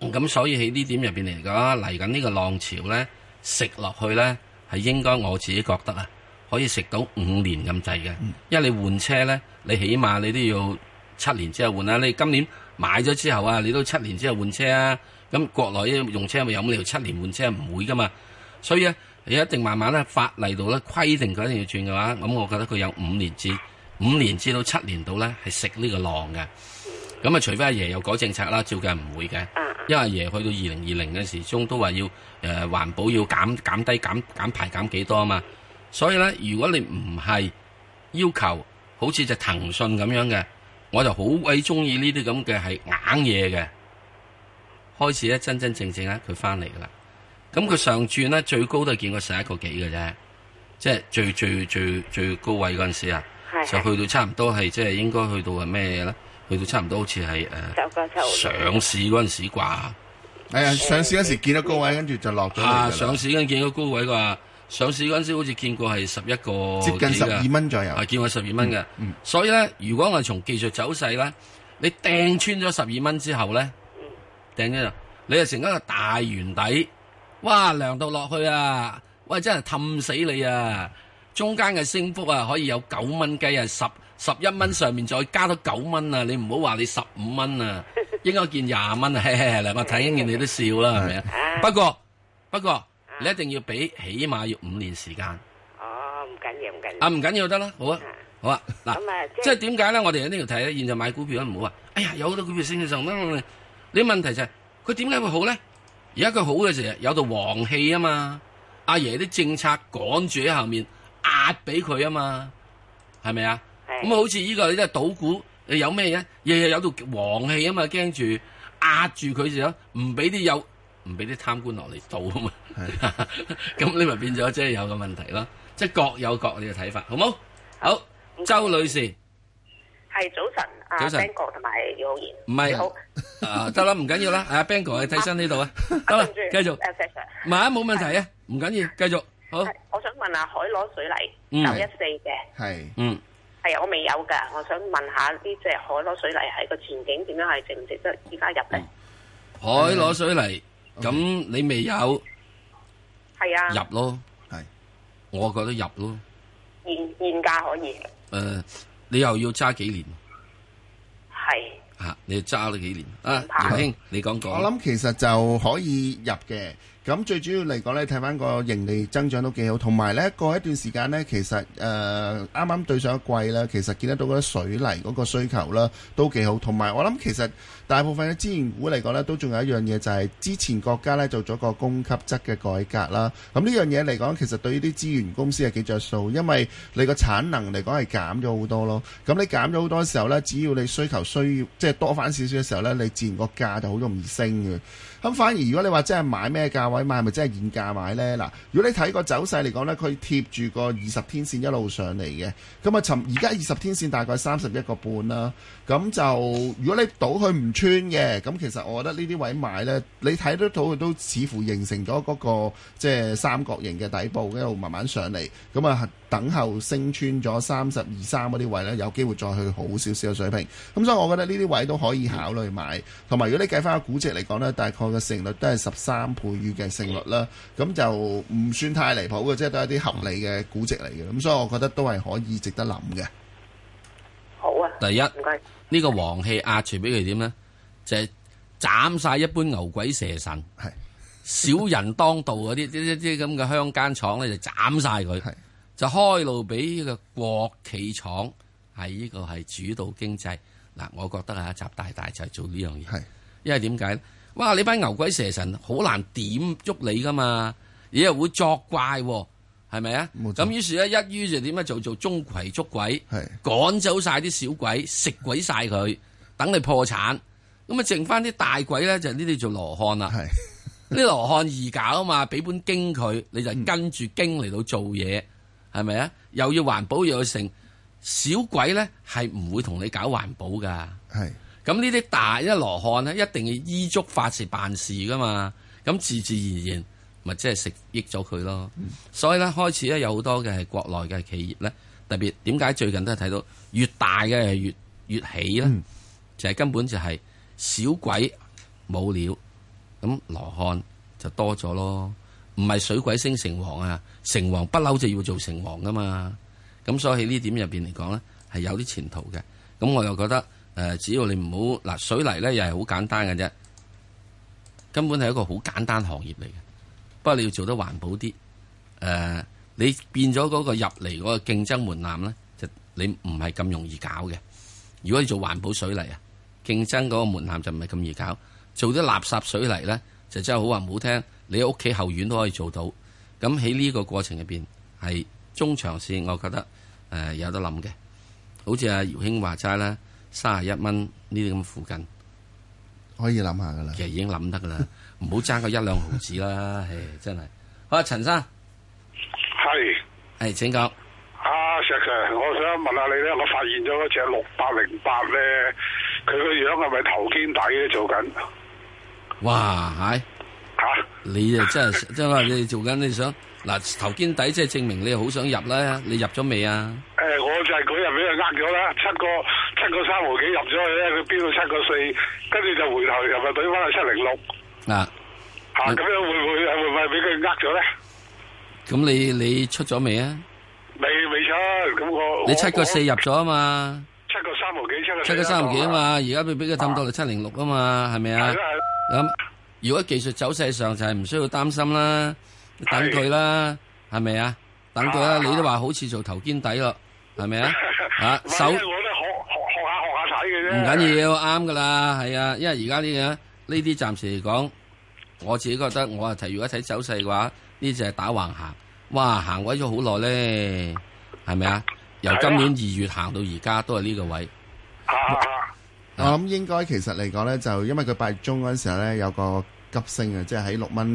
嗯、所以喺呢點入邊嚟講，嚟緊呢個浪潮咧，食落去咧係應該我自己覺得啊，可以食到五年咁滯嘅，因為你換車咧，你起碼你都要七年之後換啊，你今年買咗之後啊，你都七年之後換車啊，咁、嗯、國內用車咪有五條七年換車唔會噶嘛，所以咧、啊、你一定慢慢咧法例度咧規定佢一定要轉嘅話，咁我覺得佢有五年至五年至到七年度咧係食呢個浪嘅。咁啊，除非阿爺有改政策啦，照計唔會嘅。嗯、因為阿爺去到二零二零嘅時，中都話要誒、呃、環保要減減低減減排減幾多啊嘛。所以咧，如果你唔係要求好似隻騰訊咁樣嘅，我就好鬼中意呢啲咁嘅係硬嘢嘅。開始咧真真正正咧佢翻嚟噶啦。咁佢上轉咧最高都係見過十一個幾嘅啫，即係最最最最高位嗰陣時啊，的就去到差唔多係即係應該去到係咩嘢咧？差唔多好似係誒上市嗰陣時啩，係啊上市嗰時見到高位，跟住就落咗。啊上市嗰陣見到高位啩，上市嗰陣時好似見過係十一個接近十二蚊左右，係見過十二蚊嘅。嗯嗯、所以咧，如果我哋從技術走勢咧，你掟穿咗十二蚊之後咧，掟咗、嗯，你就成一個大圓底，哇，量到落去啊，喂，真係氹死你啊！中間嘅升幅啊，可以有九蚊雞啊，十十一蚊上面再加多九蚊啊！你唔好話你十五蚊啊，應該見廿蚊啊，嚟我睇緊見你都笑啦，係咪啊不？不過不過、啊、你一定要俾起碼要五年時間。哦，唔緊要唔緊要。啊，唔緊要得啦，好啊好啊，嗱，即係點解咧？我哋喺呢度睇，現在買股票都唔好啊！哎呀，有好多股票升嘅上啦，你問題就係佢點解會好咧？而家佢好嘅時候有道黃氣啊嘛，阿爺啲政策趕住喺後面。壓俾佢啊嘛，係咪啊？咁啊，好似依個你真係賭股，你有咩嘢？日日有套黃氣啊嘛，驚住壓住佢住咯，唔俾啲有唔俾啲貪官落嚟賭啊嘛。咁你咪變咗即係有個問題咯，即係各有各嘅睇法，好冇？好，周女士係早晨，阿 Bang 哥同埋姚浩然，唔係好啊，得啦，唔緊要啦，阿 Bang 哥去替身呢度啊，得啦，繼續，唔係啊，冇問題啊，唔緊要，繼續。我想問下海螺水泥九一四嘅？係，嗯，係啊，我未有噶我想問下呢隻海螺水泥係個前景點樣，係值唔值得而家入咧？海螺水泥，咁你未有，係啊，入咯，係，我覺得入咯，現現價可以，誒，你又要揸幾年？係，啊,你揸咗幾年啊？楊兄，你講講，我諗其實就可以入嘅。咁最主要嚟講呢，睇翻個盈利增長都幾好，同埋呢過一段時間呢，其實誒啱啱對上一季啦，其實見得到嗰啲水泥嗰個需求啦都幾好，同埋我諗其實大部分嘅資源股嚟講呢都仲有一樣嘢就係之前國家呢做咗個供給側嘅改革啦。咁呢樣嘢嚟講，其實對於啲資源公司係幾着數，因為你個產能嚟講係減咗好多咯。咁你減咗好多嘅時候呢，只要你需求需要即係多翻少少嘅時候呢，你自然個價就好容易升嘅。咁反而如果你話真係買咩價位買，係咪真係現價買呢？嗱，如果你睇個走勢嚟講呢，佢貼住個二十天線一路上嚟嘅，咁啊尋而家二十天線大概三十一個半啦。咁就如果你倒佢唔穿嘅，咁其實我覺得呢啲位買咧，你睇得到佢都似乎形成咗嗰個即係三角形嘅底部，一路慢慢上嚟，咁啊等候升穿咗三十二三嗰啲位咧，有機會再去好少少嘅水平。咁所以，我覺得呢啲位都可以考慮買。同埋，如果你計翻個估值嚟講咧，大概嘅成率都係十三倍預嘅成率啦。咁就唔算太離譜嘅，即係都係啲合理嘅估值嚟嘅。咁所以，我覺得都係可以值得諗嘅。好啊，第一唔該。個王氣啊、呢個王氣壓住俾佢點咧，就斬、是、晒一般牛鬼蛇神，係是 [laughs] 小人當道嗰啲，啲啲咁嘅鄉間廠咧就斬晒佢。是就開路俾呢個國企廠係呢個係主導經濟嗱。我覺得吓習大大就係做呢樣嘢，是因為點解咧？哇！你班牛鬼蛇神好難點捉你噶嘛，你又會作怪、啊。係咪啊？咁錯於是咧，一於就點樣？做做鍾馗捉鬼，是趕走晒啲小鬼，食鬼晒佢，等你破產。咁啊，剩翻啲大鬼咧，就呢啲做羅漢啦。啲是 [laughs] 羅漢易搞啊嘛，俾本經佢，你就跟住經嚟到做嘢，係咪啊？又要環保，又要成小鬼咧，係唔會同你搞環保噶。咁呢啲大一羅漢咧，一定要依足法事辦事噶嘛，咁自自然然。咪即係食益咗佢咯，嗯、所以咧開始咧有好多嘅係國內嘅企業咧，特別點解最近都係睇到越大嘅越越起咧，嗯、就係根本就係小鬼冇料，咁羅漢就多咗咯，唔係水鬼升城隍啊，城隍不嬲就要做城隍噶嘛，咁所以呢點入邊嚟講咧係有啲前途嘅，咁我又覺得誒、呃，只要你唔好嗱水泥咧，又係好簡單嘅啫，根本係一個好簡單行業嚟嘅。不過你要做得環保啲，誒、呃，你變咗嗰個入嚟嗰個競爭門檻咧，就你唔係咁容易搞嘅。如果你做環保水泥啊，競爭嗰個門檻就唔係咁易搞。做啲垃圾水泥咧，就真係好話唔好聽，你喺屋企後院都可以做到。咁喺呢個過程入邊，係中長線，我覺得誒、呃、有得諗嘅。好似阿、啊、姚興話齋啦，三十一蚊呢啲咁附近，可以諗下噶啦。其實已經諗得噶啦。 [laughs] 唔好爭個一兩毫子啦，真係。好啊，陳生，係，係，請教。阿石、ah, Sir, Sir，我想問下你咧，我發現咗嗰隻六百零八咧，佢個樣係咪頭肩底咧做緊？哇，係吓、啊，你啊真係，即係話你做緊你想嗱頭肩底，即係證明你好想入啦。你入咗未啊？誒、哎，我就係嗰日俾人呃咗啦，七個七個三毫幾入咗去咧，佢邊度七個四，跟住就回頭又咪懟翻去七零六。嗱吓，咁樣會唔會係會唔會俾佢呃咗咧？咁你你出咗未啊？未未出，咁我你七個四入咗啊嘛？七個三毫幾，七個七個三毫幾啊嘛？而家俾俾佢浸到嚟七零六啊嘛？係咪啊？咁如果技術走勢上就係唔需要擔心啦，等佢啦，係咪啊？等佢啦，你都話好似做頭肩底咯，係咪啊？吓，手我都學學學下學下睇嘅啫。唔緊要，啱噶啦，係啊，因為而家呢樣。呢啲暫時嚟講，我自己覺得我啊睇，如果睇走勢嘅話，呢隻係打橫行，哇行位咗好耐咧，係咪啊？由今年二月行到而家都係呢個位。的我諗的應該其實嚟講咧，就因為佢八月中嗰陣時候咧有個。急升啊！即係喺六蚊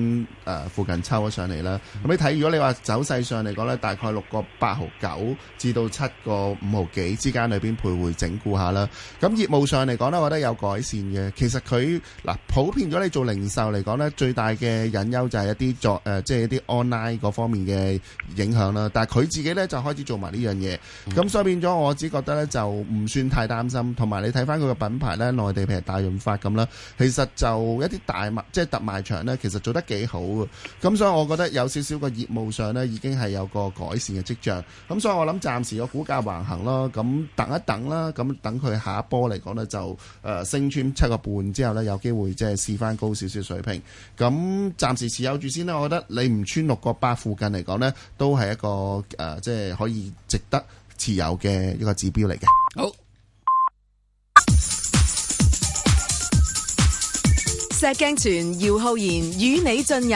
誒附近抽咗上嚟啦。咁你睇，如果你話走勢上嚟講咧，大概六個八毫九至到七個五毫幾之間裏邊徘徊整固下啦。咁業務上嚟講咧，我覺得有改善嘅。其實佢嗱普遍咗，你做零售嚟講咧，最大嘅隱憂就係一啲作誒，即係一啲 online 嗰方面嘅影響啦。但係佢自己咧就開始做埋呢樣嘢，咁所以變咗我只覺得咧就唔算太擔心。同埋你睇翻佢個品牌咧，內地譬如大潤發咁啦，其實就一啲大物即係，特賣場呢其實做得幾好嘅，咁所以我覺得有少少個業務上呢已經係有個改善嘅跡象。咁所以我諗暫時個股價橫行咯，咁等一等啦，咁等佢下一波嚟講呢，就誒升穿七個半之後呢，有機會即係試翻高少少水平。咁暫時持有住先啦，我覺得你唔穿六個八附近嚟講呢，都係一個誒，即係可以值得持有嘅一個指標嚟嘅。石鏡泉姚浩然與你進入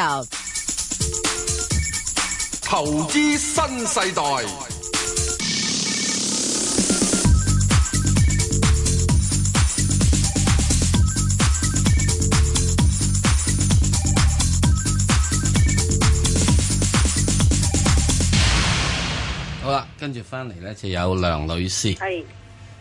投資新世代。好啦，跟住翻嚟呢就有梁女士。係。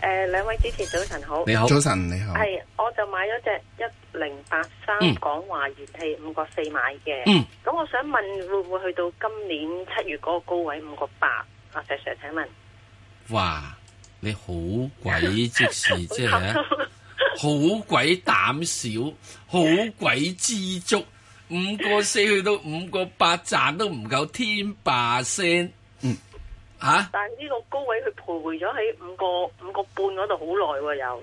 誒，兩、uh, 位主持早晨好，你好，早晨你好，係，我就買咗隻一零八三港華燃氣五個四買嘅，嗯，咁、嗯、我想問會唔會去到今年七月嗰個高位五個八？啊，石 Sir，請問，哇，你好鬼即時即啫， [laughs] 啊、 [laughs] 好鬼膽小，好鬼知足，五個四去到五個八賺都唔夠天霸先。吓！啊、但係呢個高位佢徘徊咗喺五個五個半嗰度好耐喎，又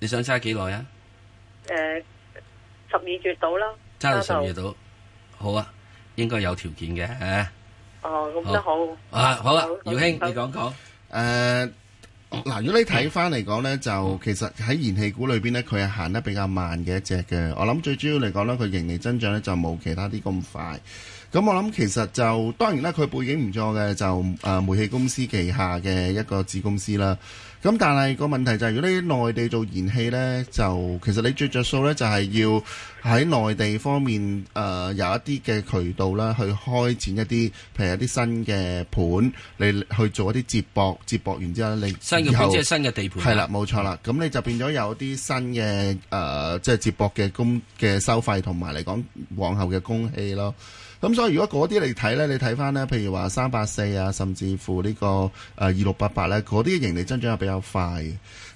你想揸幾耐啊？誒、呃，十二月度啦，揸到十二月度，啊好啊，應該有條件嘅吓。哦，咁都好。啊，哦、好啦，姚兄，你講講。誒，嗱、呃，如果你睇翻嚟講咧，就其實喺燃氣股裏邊咧，佢係行得比較慢嘅一隻嘅。我諗最主要嚟講咧，佢盈利增長咧就冇其他啲咁快。咁我諗其實就當然咧，佢背景唔錯嘅，就誒煤氣公司旗下嘅一個子公司啦。咁但係個問題就係，如果你內地做燃氣咧，就其實你最著數咧就係要喺內地方面誒有一啲嘅渠道啦，去開展一啲譬如一啲新嘅盤，你去做一啲接駁接駁，然之後咧你新嘅盤即係新嘅地盤係啦，冇錯啦。咁你就變咗有啲新嘅誒，即係接駁嘅工嘅收費，同埋嚟講往後嘅供氣咯。咁、嗯、所以如果嗰啲嚟睇咧，你睇翻咧，譬如話三八四啊，甚至乎、這個呃、88，呢個誒二六八八咧，嗰啲盈利增長係比較快。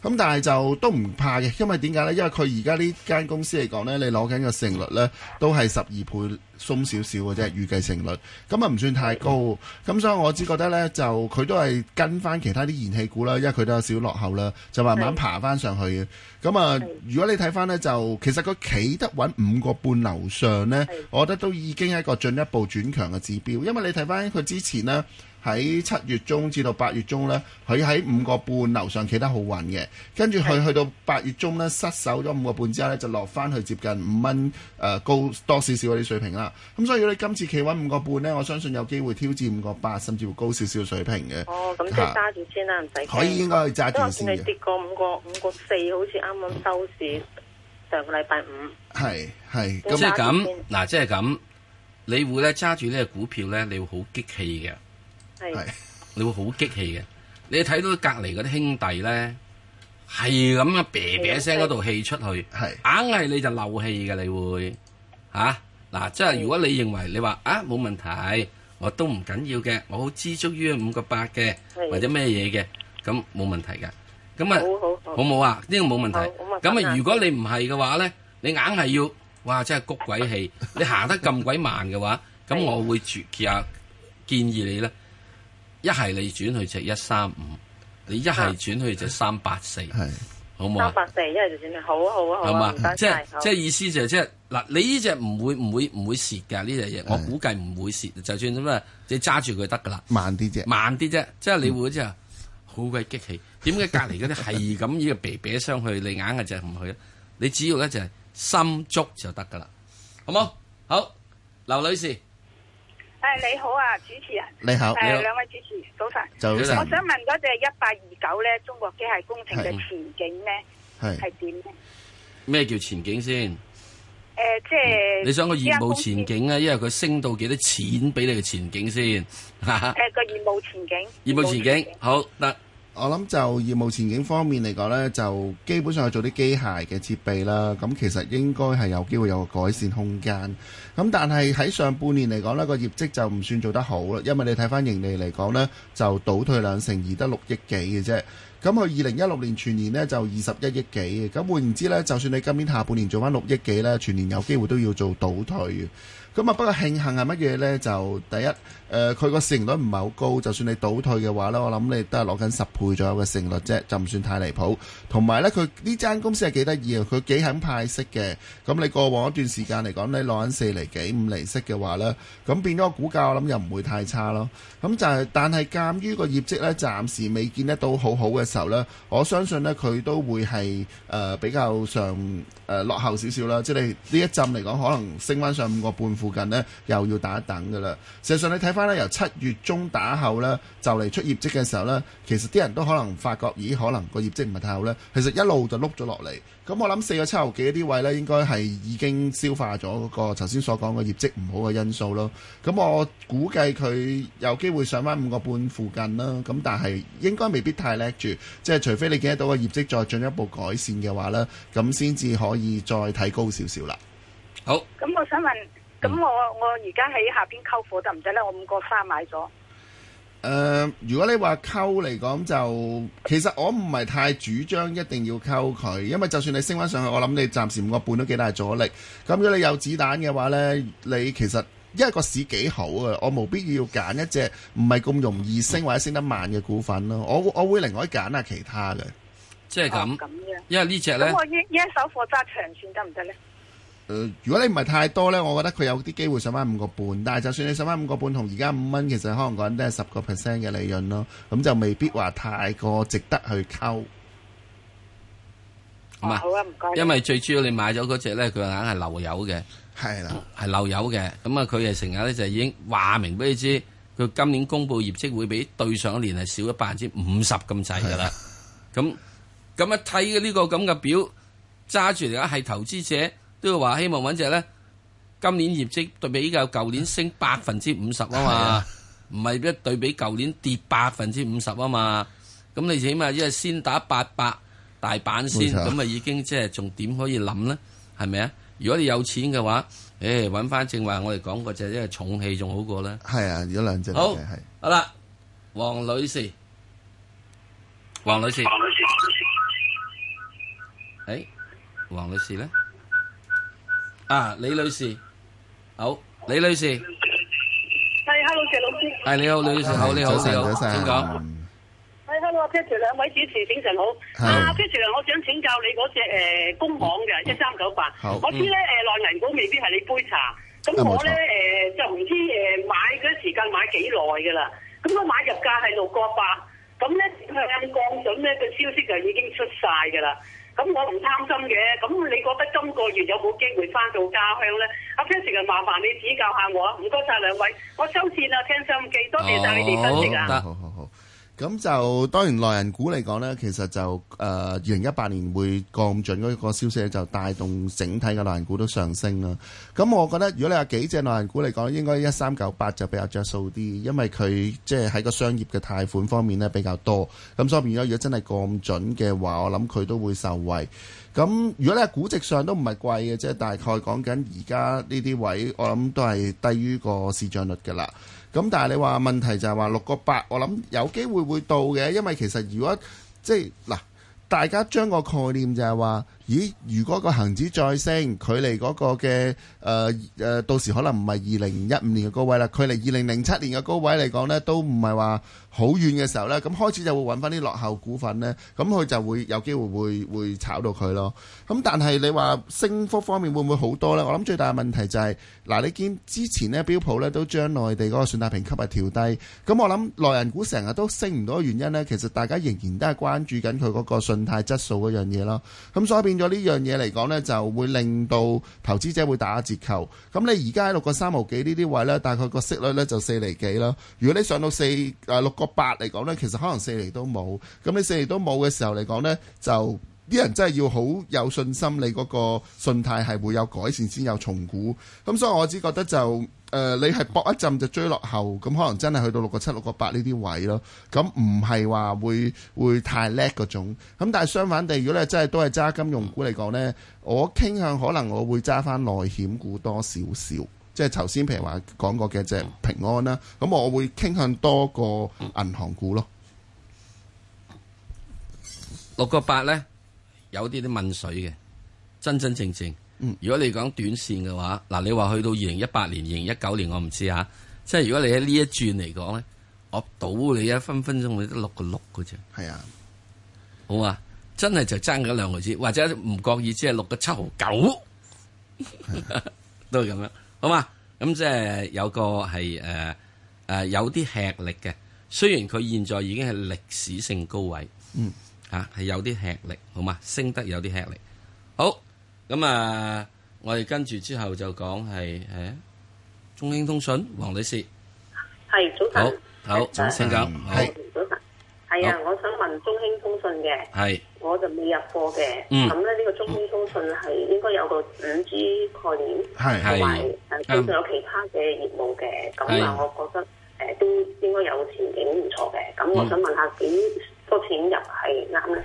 咁、嗯、但係就都唔怕嘅，因為點解呢？因為佢而家呢間公司嚟講呢，你攞緊個勝率呢，都係十二倍鬆少少嘅啫，預計勝率，咁啊唔算太高。咁、嗯、所以我只覺得呢，就佢都係跟翻其他啲燃氣股啦，因為佢都有少少落後啦，就慢慢爬翻上去嘅。咁是啊，是如果你睇翻呢，就其實佢企得穩五個半樓上呢，是我覺得都已經係一個進一步轉強嘅指標，因為你睇翻佢之前呢。喺七月中至到八月中呢，佢喺五個半樓上企得好穩嘅。跟住佢去到八月中呢，失守咗五個半之後呢，就落翻去接近五蚊誒高多少少嗰啲水平啦。咁、嗯、所以你今次企穩五個半呢，我相信有機會挑戰五個八，甚至乎高少少水平嘅。哦，咁即係揸住先啦，唔使。可以應該去揸住先。你跌過五個五個四，好似啱啱收市上個禮拜五。係係。即係咁嗱，即係咁，你會咧揸住呢個股票呢，你會好激氣嘅。係是，你會好激氣嘅。你睇到隔離嗰啲兄弟咧，係咁啊，啤啤聲嗰度氣出去，係硬係你就漏氣嘅。你會嚇嗱、啊啊，即係如果你認為你話啊冇問題，我都唔緊要嘅，我好知足於五個八嘅的或者咩嘢嘅，咁冇問題㗎。咁啊，好冇啊？呢、這個冇問題。咁啊，如果你唔係嘅話咧，你硬係要哇，真係谷鬼氣， [laughs] 你行得咁鬼慢嘅話，咁 [laughs] 我會絕極呀，建議你咧。一係你轉去就一三五，你一係轉去就三八四，好唔好？三八四一係就轉去，好啊好啊好啊！即係即係意思就即係嗱，你呢隻唔會唔會唔會蝕噶呢隻嘢，的我估計唔會蝕，就算點啊，你揸住佢得噶啦。慢啲啫，慢啲啫，即係你會就好鬼激氣，點解隔籬嗰啲係咁依個鼻癟相去， [laughs] 你硬係就唔去啊？你只要咧就係心足就得噶啦，好冇？好，劉女士。誒，你好啊，主持人。你好。誒、哎，兩好位主持，早晨。早晨就。我想問嗰隻一八二九咧，29，中國機械工程嘅前景咧係係點咧？咩是叫前景先？誒、呃、即、就、係、是嗯。你想個業務前景啊？因為佢升到幾多錢俾你嘅前景先？誒，個業務前景。業、 [laughs] 呃、務前景，好得。我諗就業務前景方面嚟講呢，就基本上係做啲機械嘅設備啦。咁其實應該係有機會有個改善空間。咁但係喺上半年嚟講呢個業績就唔算做得好啦。因為你睇翻盈利嚟講呢，就倒退兩成而得六億幾嘅啫。咁佢二零一六年全年呢，就二十一億幾。咁換言之呢，就算你今年下半年做翻六億幾呢，全年有機會都要做倒退咁啊，不過慶幸係乜嘢呢？就第一。誒佢個市盈率唔係好高，就算你倒退嘅話呢，我諗你都係攞緊十倍左右嘅市盈率啫，就唔算太離譜。同埋呢，佢呢間公司係幾得意啊，佢幾肯派息嘅，咁你過往一段時間嚟講，你攞緊四厘幾、五厘息嘅話呢，咁變咗個股價，我諗又唔會太差咯。咁就係、是，但係鑑於個業績呢，暫時未見得到好好嘅時候呢，我相信呢，佢都會係誒、呃、比較上誒、呃、落後少少啦。即係呢一陣嚟講，可能升翻上五個半附近呢，又要打一等嘅啦。事實上，你睇翻。由七月中打後咧，就嚟出業績嘅時候呢，其實啲人都可能發覺，咦，可能個業績唔係太好呢，其實一路就碌咗落嚟。咁我諗四個七毫幾啲位呢，應該係已經消化咗嗰個，頭先所講嘅業績唔好嘅因素咯。咁我估計佢有機會上翻五個半附近啦。咁但係應該未必太叻住，即係除非你見得到個業績再進一步改善嘅話呢，咁先至可以再提高少少啦。好。咁我想問。咁我我而家喺下邊溝貨得唔得呢？我五個三買咗。誒、嗯，如果你話溝嚟講，就其實我唔係太主張一定要溝佢，因為就算你升翻上去，我諗你暫時五個半都幾大阻力。咁如果你有子彈嘅話呢，你其實因為個市幾好啊，我冇必要揀一隻唔係咁容易升，嗯，或者升得慢嘅股份咯。我我會另外揀下其他嘅，即係咁，因為呢隻呢？咁我一一手貨揸長線得唔得呢？如果你唔係太多咧，我覺得佢有啲機會上翻五個半。但係就算你上翻五個半同而家五蚊，其實可能講緊都係十個 percent 嘅利潤咯。咁就未必話太過值得去溝。好啊，好啊，唔該。因為最主要你買咗嗰隻咧，佢硬係漏油嘅，係啦的，係漏油嘅。咁啊，佢係成日咧，就已經話明俾你知，佢今年公布業績會比對上一年係少咗百分之五十咁滯噶啦。咁咁，的一睇呢個咁嘅表，揸住嚟講係投資者。都話希望揾隻咧，今年業績對比依個舊年升百分之五十啊嘛，唔係一對比舊年跌百分之五十啊嘛，咁你起碼一係先打八百大板先，咁啊已經即係仲點可以諗咧？係咪啊？如果你有錢嘅話，誒，揾翻正話我哋講嗰隻，因為重氣仲好過咧。係啊，如果兩隻。好係好啦，黃女士，黃女士，黃女士，誒，黃女士咧？啊，李女士，好，李女士，係，Hello，謝老師，係、哎、你好，李老師，好，你好，你、啊、好，請講，係，Hello，Patrick，兩位主持，精神好，是啊，Patrick，我想請教你嗰隻誒，工行嘅一三九八，好我知咧誒，內銀、嗯、股未必係你杯茶，咁我咧誒、啊呃、就唔知誒買嗰啲時間買幾耐噶啦，咁我買入價係六角八，咁咧佢啱降準咧個消息就已經出晒噶啦。咁我唔貪心嘅，咁你覺得今個月有冇機會翻到家鄉咧？阿聽成日麻煩你指教下我啦，唔該晒兩位，我收線啦，聽收音機，多謝晒你哋支持啊！啊咁就當然內銀股嚟講呢，其實就誒二零一八年會降準嗰個消息就帶動整體嘅內銀股都上升啦。咁我覺得如果你有幾隻內銀股嚟講，應該一三九八就比較着數啲，因為佢即係喺個商業嘅貸款方面呢，比較多。咁所以變咗，如果真係降準嘅話，我諗佢都會受惠。咁如果你話估值上都唔係貴嘅，即係大概講緊而家呢啲位，我諗都係低於個市賬率嘅啦。咁但係你話問題就係話六個八，8，我諗有機會會到嘅，因為其實如果即係嗱，大家將個概念就係話。咦？如果個恒指再升，距離嗰個嘅誒誒，到時可能唔係二零一五年嘅高位啦，距離二零零七年嘅高位嚟講呢都唔係話好遠嘅時候呢，咁開始就會揾翻啲落後股份呢，咁佢就會有機會會會炒到佢咯。咁但係你話升幅方面會唔會好多呢？我諗最大嘅問題就係、是、嗱，你見之前呢標普呢都將內地嗰個信貸評級啊調低，咁我諗內人股成日都升唔到嘅原因呢，其實大家仍然都係關注緊佢嗰個信貸質素嗰樣嘢咯。咁所以變咗呢樣嘢嚟講呢，就會令到投資者會打折扣。咁你而家喺六個三毫幾呢啲位呢，大概個息率呢就四厘幾啦。如果你上到四誒六個八嚟講呢，其實可能四厘都冇。咁你四厘都冇嘅時候嚟講呢，就啲人真係要好有信心，你嗰個信貸係會有改善先有重估。咁所以我只覺得就。誒、呃，你係搏一陣就追落後，咁可能真係去到六個七、六個八呢啲位咯。咁唔係話會會太叻嗰種。咁但係相反地，如果你真係都係揸金融股嚟講呢，我傾向可能我會揸翻內險股多少少，即係頭先譬如話講過嘅隻平安啦。咁我會傾向多個銀行股咯。嗯、六個八呢，有啲啲問水嘅，真真正正，正。如果你講短線嘅話，嗱，你話去到二零一八年、二零一九年我，我唔知吓。即係如果你喺呢一轉嚟講咧，我賭你一分分鐘，你都六個六嘅啫。係啊的，好啊，真係就爭咗兩個字，或者唔覺意只係六個七毫九，的 [laughs] 都係咁樣，好嘛？咁即係有個係誒誒有啲吃力嘅，雖然佢現在已經係歷史性高位，嗯，吓係、啊、有啲吃力，好嘛？升得有啲吃力，好。咁啊，我哋跟住之後就講係誒中興通訊，黃女士，係早晨，好，好，請講，早晨，係啊，我想問中興通訊嘅，係，我就未入貨嘅，咁咧呢個中興通訊係應該有個五 G 概念，係係，同埋誒有其他嘅業務嘅，咁啊，我覺得誒都應該有前景唔錯嘅，咁我想問下幾多錢入係啱嘅？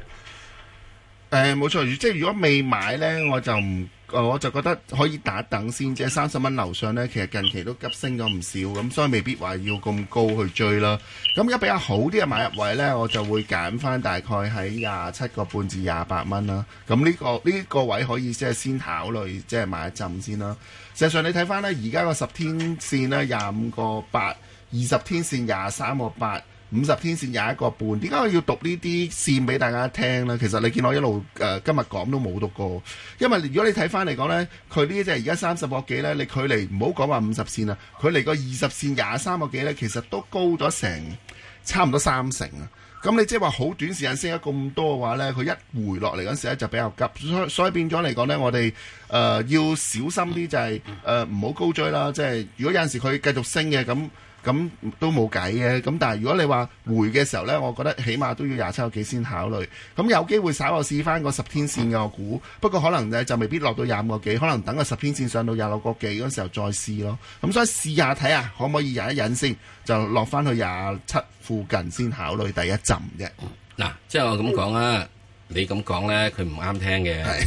誒冇錯，即係如果未買呢，我就唔，我就覺得可以打等先。即係三十蚊樓上呢，其實近期都急升咗唔少，咁所以未必話要咁高去追啦。咁如果比較好啲嘅買入位呢，我就會揀翻大概喺廿七個半至廿八蚊啦。咁呢個呢個位可以即係先考慮，即係買一浸先啦。實際上你睇翻呢，而家個十天線呢，廿五個八；二十天線廿三個八。五十天線廿一個半，點解我要讀呢啲線俾大家聽呢？其實你見我一路誒、呃、今日講都冇讀過，因為如果你睇翻嚟講呢，佢呢隻而家三十個幾呢，你距離唔好講話五十線啦，佢離個二十線廿三個幾呢，其實都高咗成差唔多三成啊！咁你即係話好短時間升咗咁多嘅話呢，佢一回落嚟嗰時呢就比較急，所以所以變咗嚟講呢，我哋誒、呃、要小心啲就係誒唔好高追啦，即係如果有陣時佢繼續升嘅咁。咁都冇計嘅，咁但係如果你話回嘅時候咧，我覺得起碼都要廿七個幾先考慮。咁有機會稍我試翻個十天線嘅，我估，不過可能咧就未必落到廿五個幾，可能等個十天線上到廿六個幾嗰時候再試咯。咁所以試下睇下，可唔可以忍一忍先，就落翻去廿七附近先考慮第一浸啫。嗱，即係我咁講啊，你咁講咧，佢唔啱聽嘅，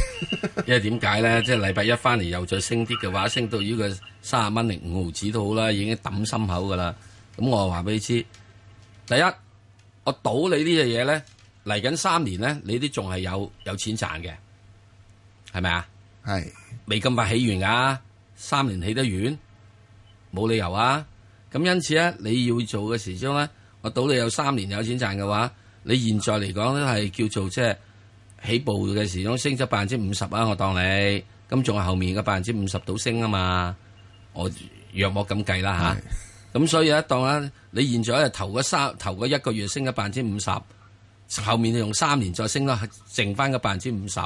因為點解咧？即係禮拜一翻嚟又再升啲嘅話，升到呢個。卅蚊零五毫子都好啦，已經抌心口噶啦。咁我話俾你知，第一我賭你呢隻嘢咧嚟緊三年咧，你啲仲係有有錢賺嘅，係咪啊？係未咁快起完噶，三年起得遠冇理由啊。咁因此咧，你要做嘅時候咧，我賭你有三年有錢賺嘅話，你現在嚟講都係叫做即係起步嘅時候升咗百分之五十啊。我當你咁仲係後面嘅百分之五十度升啊嘛。我約莫咁計啦嚇，咁是、嗯、所以一當咧，你現在頭嗰三頭一個月升咗百分之五十，後面你用三年再升啦，剩翻個百分之五十，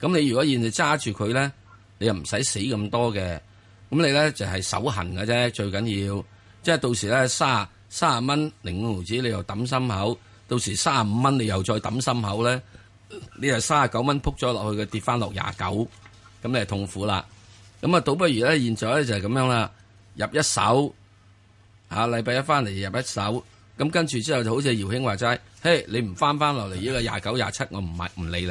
咁你如果現在揸住佢咧，你又唔使死咁多嘅，咁你咧就係、是、手痕㗎啫，最緊要，即係到時咧三十三十蚊零五毫子你又揼心口，到時三十五蚊你又再揼心口咧，你又三十九蚊撲咗落去佢跌翻落廿九，咁你就痛苦啦。咁啊，倒不如咧，現在咧就係咁樣啦，入一手，下禮拜一翻嚟入一手，咁跟住之後就好似姚興話齋， [noise] 嘿，你唔翻翻落嚟呢個廿九廿七，27，我唔係唔理你，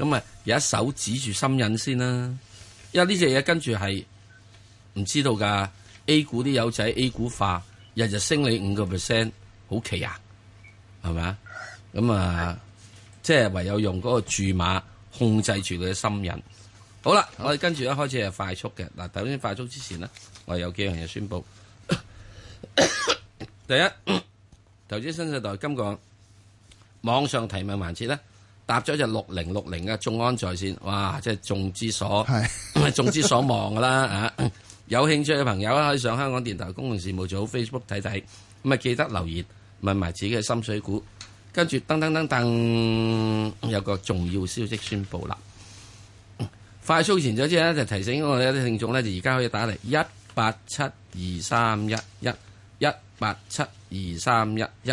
咁、嗯、啊，有一手指住心癮先啦，因為呢隻嘢跟住係唔知道㗎，A 股啲友仔 A 股化，日日升你五個 percent，好奇啊，係咪啊？咁啊，呃、是的 即係唯有用嗰個注碼控制住佢嘅心癮。好啦，好吧，我哋跟住一開始係快速嘅。嗱，頭先快速之前咧，我有幾樣嘢宣佈。 [coughs] 第一，投資新世代今個網上提問環節咧，答咗一隻六零六零嘅眾安在線，哇！即係眾之所， [coughs] 眾之所望噶啦嚇。 [coughs] [coughs] 有興趣嘅朋友可以上香港電台公共事務組 Facebook 睇睇，咁啊，記得留言問埋自己嘅心水股。跟住噔噔噔，噔噔噔噔，有個重要消息宣佈啦。快速前咗之後咧，就提醒我哋一啲聽眾咧，就而家可以打嚟一八七二三一一一八七二三一一，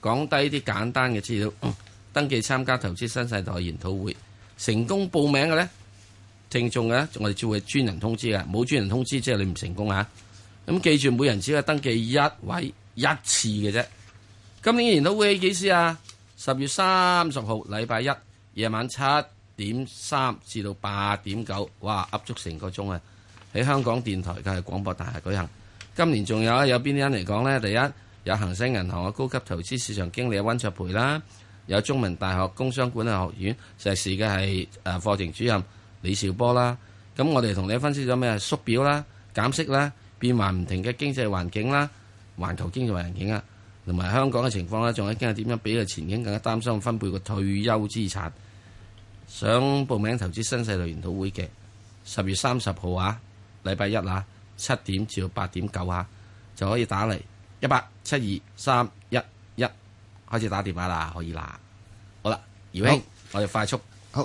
講低啲簡單嘅資料、嗯，登記參加投資新世代研討會，成功報名嘅咧，聽眾咧，我哋就會專人通知嘅，冇專人通知即係你唔成功啊！咁記住，每人只可以登記一位一次嘅啫。今年研討會喺幾時啊？十月三十號，禮拜一夜晚七點三至到八點九，哇，噏足成個鐘啊！喺香港電台嘅廣播大廈舉行。今年仲有啊，有邊啲人嚟講呢？第一，有恒生銀行嘅高級投資市場經理温卓培啦，有中文大學工商管理學院碩士嘅係誒課程主任李兆波啦。咁我哋同你分析咗咩啊？縮表啦，減息啦，變幻唔停嘅經濟環境啦，環球經濟環境啊，同埋香港嘅情況啦，仲係傾下點樣俾個前景更加擔心分配個退休資產。想報名投資新世代研討會嘅，十月三十號啊，禮拜一啊，七點至八點九啊，就可以打嚟一八七二三一一開始打電話啦，可以啦，好啦，姚興，好我哋快速。好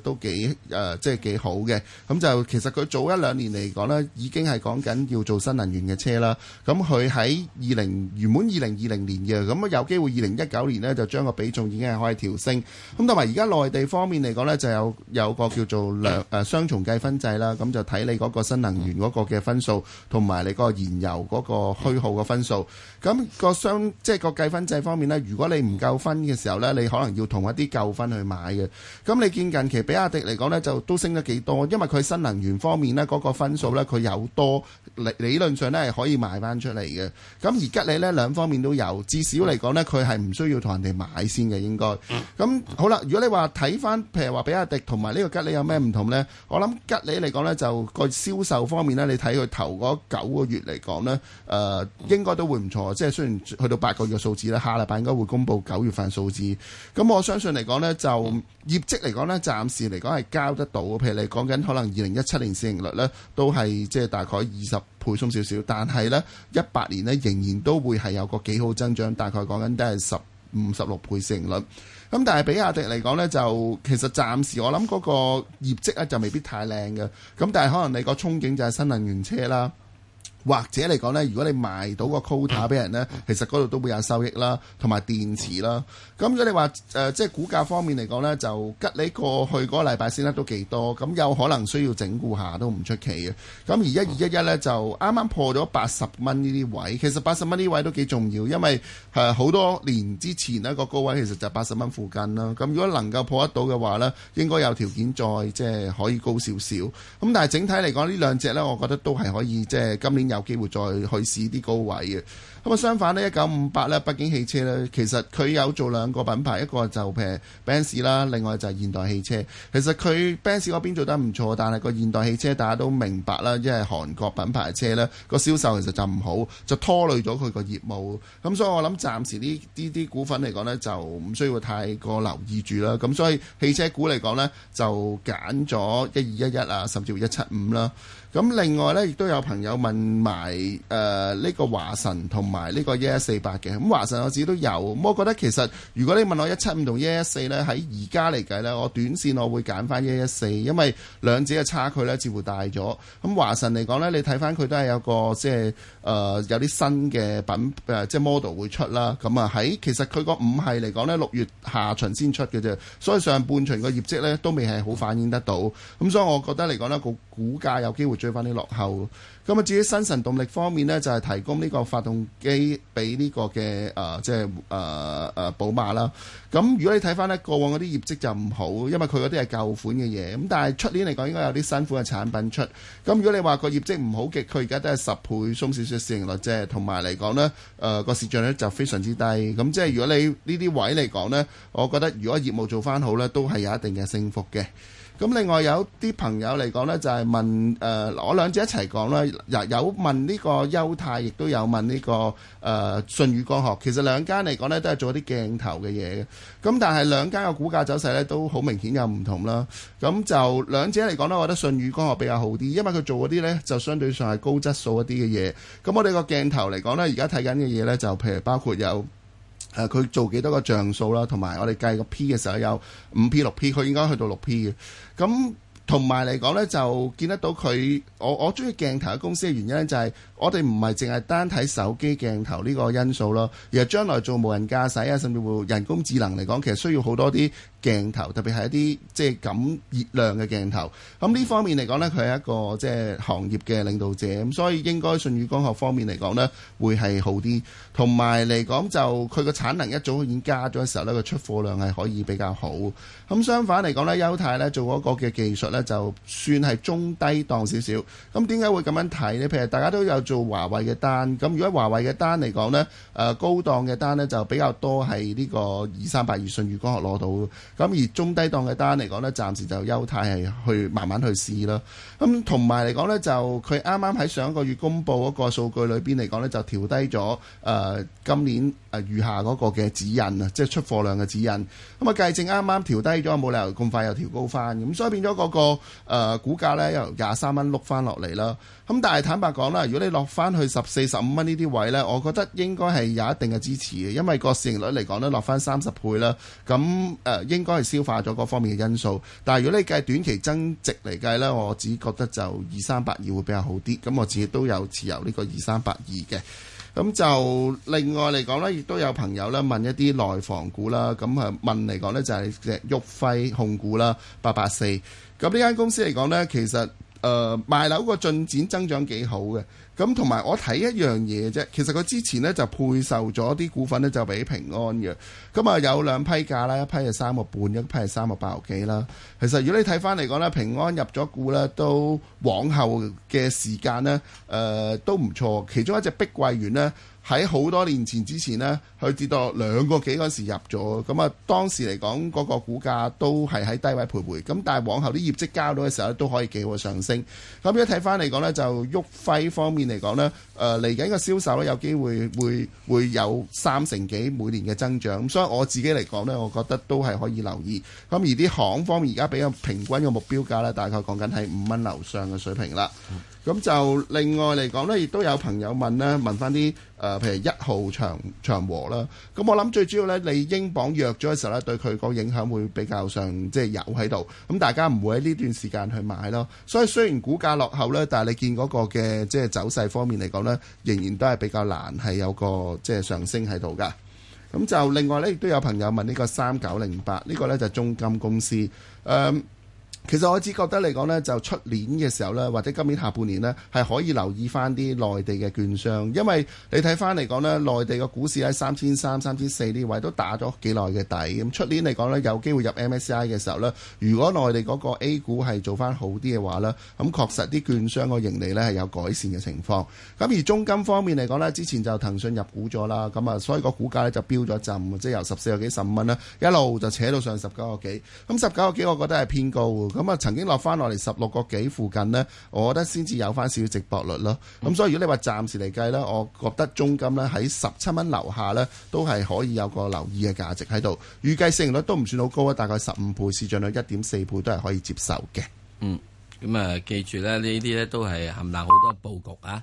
都幾誒，即係幾好嘅。咁就其實佢早一兩年嚟講咧，已經係講緊要做新能源嘅車啦。咁佢喺二零原本二零二零年嘅，咁啊有機會二零一九年咧就將個比重已經係可以調升。咁同埋而家內地方面嚟講咧，就有有個叫做兩誒雙重計分制啦。咁就睇你嗰個新能源嗰個嘅分數，同埋你嗰個燃油嗰個虛耗嘅分數。咁個雙即係個計分制方面咧，如果你唔夠分嘅時候咧，你可能要同一啲夠分去買嘅。咁你見近期。比亞迪嚟講呢，就都升咗幾多，因為佢新能源方面呢，嗰、那個分數呢，佢有多理理論上呢，係可以賣翻出嚟嘅。咁而吉利呢，兩方面都有，至少嚟講呢，佢係唔需要同人哋買先嘅。應該咁、嗯、好啦。如果你話睇翻，譬如話比亞迪同埋呢個吉利有咩唔同呢？我諗吉利嚟講呢，就個銷售方面呢，你睇佢頭嗰九個月嚟講呢，誒、呃，應該都會唔錯。即係雖然去到八個月嘅數字咧，下禮拜應該會公布九月份數字。咁我相信嚟講呢，就。嗯業績嚟講咧，暫時嚟講係交得到。譬如你講緊可能二零一七年市盈率咧，都係即係大概二十倍鬆少少。但係呢一八年咧仍然都會係有個幾好增長，大概講緊都係十五十六倍市盈率。咁但係比亞迪嚟講呢就其實暫時我諗嗰個業績咧就未必太靚嘅。咁但係可能你個憧憬就係新能源車啦。或者嚟講呢，如果你賣到個 quota 俾人呢，其實嗰度都會有收益啦，同埋電池啦。咁如果你話誒、呃，即係股價方面嚟講呢，就吉你過去嗰個禮拜先咧都幾多，咁有可能需要整固下都唔出奇嘅。咁而一二一一呢，就啱啱破咗八十蚊呢啲位，其實八十蚊呢位都幾重要，因為係好、呃、多年之前呢，個高位其實就八十蚊附近啦。咁如果能夠破得到嘅話呢，應該有條件再即係可以高少少。咁但係整體嚟講呢兩隻呢，我覺得都係可以即係今年有有機會再去試啲高位嘅。咁啊相反呢一九五八咧，1958, 北京汽車咧，其實佢有做兩個品牌，一個就係 Benz 啦，另外就係現代汽車。其實佢 Benz 嗰邊做得唔錯，但係個現代汽車，大家都明白啦，因為韓國品牌車咧，個銷售其實就唔好，就拖累咗佢個業務。咁所以我諗暫時呢啲啲股份嚟講咧，就唔需要太過留意住啦。咁所以汽車股嚟講咧，就揀咗一二一一啊，甚至乎一七五啦。咁另外咧，亦都有朋友問埋誒呢個華晨同埋呢個一一四八嘅。咁華晨我自己都有，咁我覺得其實如果你問我一七五同一一四咧，喺而家嚟計咧，我短線我會揀翻一一四，因為兩者嘅差距咧似乎大咗。咁華晨嚟講咧，你睇翻佢都係有個即係誒有啲新嘅品誒，即係 model 會出啦。咁啊喺其實佢個五係嚟講咧，六月下旬先出嘅啫，所以上半旬個業績咧都未係好反映得到。咁所以我覺得嚟講咧，個股價有機會追翻啲落後。咁啊至於新神動力方面呢，就係、是、提供呢個發動機俾呢個嘅誒、呃，即係誒誒寶馬啦。咁如果你睇翻呢，過往嗰啲業績就唔好，因為佢嗰啲係舊款嘅嘢。咁但係出年嚟講，應該有啲新款嘅產品出。咁如果你話個業績唔好嘅，佢而家都係十倍鬆少少市盈率即啫，同埋嚟講呢誒個市賬率就非常之低。咁即係如果你呢啲位嚟講呢，我覺得如果業務做翻好呢都係有一定嘅升幅嘅。咁另外有啲朋友嚟講呢，就係問誒，我兩者一齊講啦，有有問呢個優泰，亦都有問呢個誒信宇光學。其實兩間嚟講呢，都係做一啲鏡頭嘅嘢。咁但係兩間嘅股價走勢呢，都好明顯有唔同啦。咁就兩者嚟講呢，我覺得信宇光學比較好啲，因為佢做嗰啲呢，就相對上係高質素一啲嘅嘢。咁我哋個鏡頭嚟講呢，而家睇緊嘅嘢呢，就譬如包括有。誒佢做幾多個像素啦，同埋我哋計個 P 嘅時候有五 P 六 P，佢應該去到六 P 嘅。咁同埋嚟講呢，就見得到佢，我我中意鏡頭嘅公司嘅原因就係，我哋唔係淨係單睇手機鏡頭呢個因素咯，而係將來做無人駕駛啊，甚至乎人工智能嚟講，其實需要好多啲。鏡頭特別係一啲即係感熱量嘅鏡頭，咁呢方面嚟講呢，佢係一個即係行業嘅領導者，咁所以應該舜宇光學方面嚟講呢會係好啲。同埋嚟講就佢個產能一早已經加咗嘅時候呢，個出貨量係可以比較好。咁相反嚟講呢優泰呢做嗰個嘅技術呢，就算係中低檔少少。咁點解會咁樣睇呢？譬如大家都有做華為嘅單，咁如果華為嘅單嚟講呢，誒高檔嘅單呢，就比較多係呢個二三八二舜宇光學攞到。咁而中低檔嘅單嚟講咧，暫時就優貸係去慢慢去試咯。咁同埋嚟講咧，就佢啱啱喺上一個月公布嗰個數據裏邊嚟講咧，就調低咗誒、呃、今年，餘下嗰個嘅指引啊，即係出貨量嘅指引。咁啊，計正啱啱調低咗，冇理由咁快又調高翻。咁所以變咗嗰、那個誒、呃、股價咧，由廿三蚊碌翻落嚟啦。咁但係坦白講啦，如果你落翻去十四、十五蚊呢啲位呢，我覺得應該係有一定嘅支持嘅，因為個市盈率嚟講呢，落翻三十倍啦。咁誒、呃，應該係消化咗嗰方面嘅因素。但係如果你計短期增值嚟計呢，我自己覺得就二三八二會比較好啲。咁我自己都有持有呢個二三八二嘅。咁就另外嚟講咧，亦都有朋友咧問一啲內房股啦，咁啊問嚟講呢，就係旭輝控股啦，八八四。咁呢間公司嚟講呢，其實誒、呃、賣樓個進展增長幾好嘅。咁同埋我睇一樣嘢啫，其實佢之前呢就配售咗啲股份呢，就俾平安嘅，咁啊有兩批價啦，一批係三個半，一批係三個八毫幾啦。其實如果你睇返嚟講呢，平安入咗股呢，都往後嘅時間呢，誒、呃、都唔錯，其中一隻碧桂園呢。喺好多年前之前呢，佢跌到兩個幾嗰時入咗，咁、嗯、啊當時嚟講嗰個股價都係喺低位徘徊，咁但係往後啲業績交到嘅時候都可以幾好上升。咁一睇翻嚟講呢，就旭輝方面嚟講呢，誒嚟緊嘅銷售呢，有機會會會，會有三成幾每年嘅增長，咁所以我自己嚟講呢，我覺得都係可以留意。咁、嗯、而啲行方面而家比較平均嘅目標價呢，大概講緊喺五蚊樓上嘅水平啦。嗯。咁就另外嚟講呢，亦都有朋友問呢，問翻啲誒，譬如一號長長和啦。咁我諗最主要呢，你英鎊弱咗嘅時候呢，對佢個影響會比較上即係有喺度。咁大家唔會喺呢段時間去買咯。所以雖然股價落後呢，但係你見嗰個嘅即係走勢方面嚟講呢，仍然都係比較難係有個即係上升喺度㗎。咁就另外呢，亦都有朋友問呢個三九零八呢個呢就係中金公司誒。其實我只覺得嚟講呢，就出年嘅時候呢，或者今年下半年呢，係可以留意翻啲內地嘅券商，因為你睇翻嚟講呢，內地嘅股市喺三千三、三千四呢位都打咗幾耐嘅底。咁出年嚟講呢，有機會入 MSCI 嘅時候呢，如果內地嗰個 A 股係做翻好啲嘅話呢，咁確實啲券商個盈利呢係有改善嘅情況。咁而中金方面嚟講呢，之前就騰訊入股咗啦，咁啊，所以個股價呢就飆咗浸，即係由十四個幾十蚊啦，一路就扯到上十九個幾。咁十九個幾，我覺得係偏高嘅。咁啊，曾經落翻落嚟十六個幾附近呢，我覺得先至有翻少少值博率咯。咁所以如果你話暫時嚟計呢，我覺得中金呢喺十七蚊樓下呢，都係可以有個留意嘅價值喺度。預計市盈率都唔算好高啊，大概十五倍，市漲率一點四倍都係可以接受嘅。嗯，咁啊、呃，記住咧，呢啲呢都係含納好多佈局啊。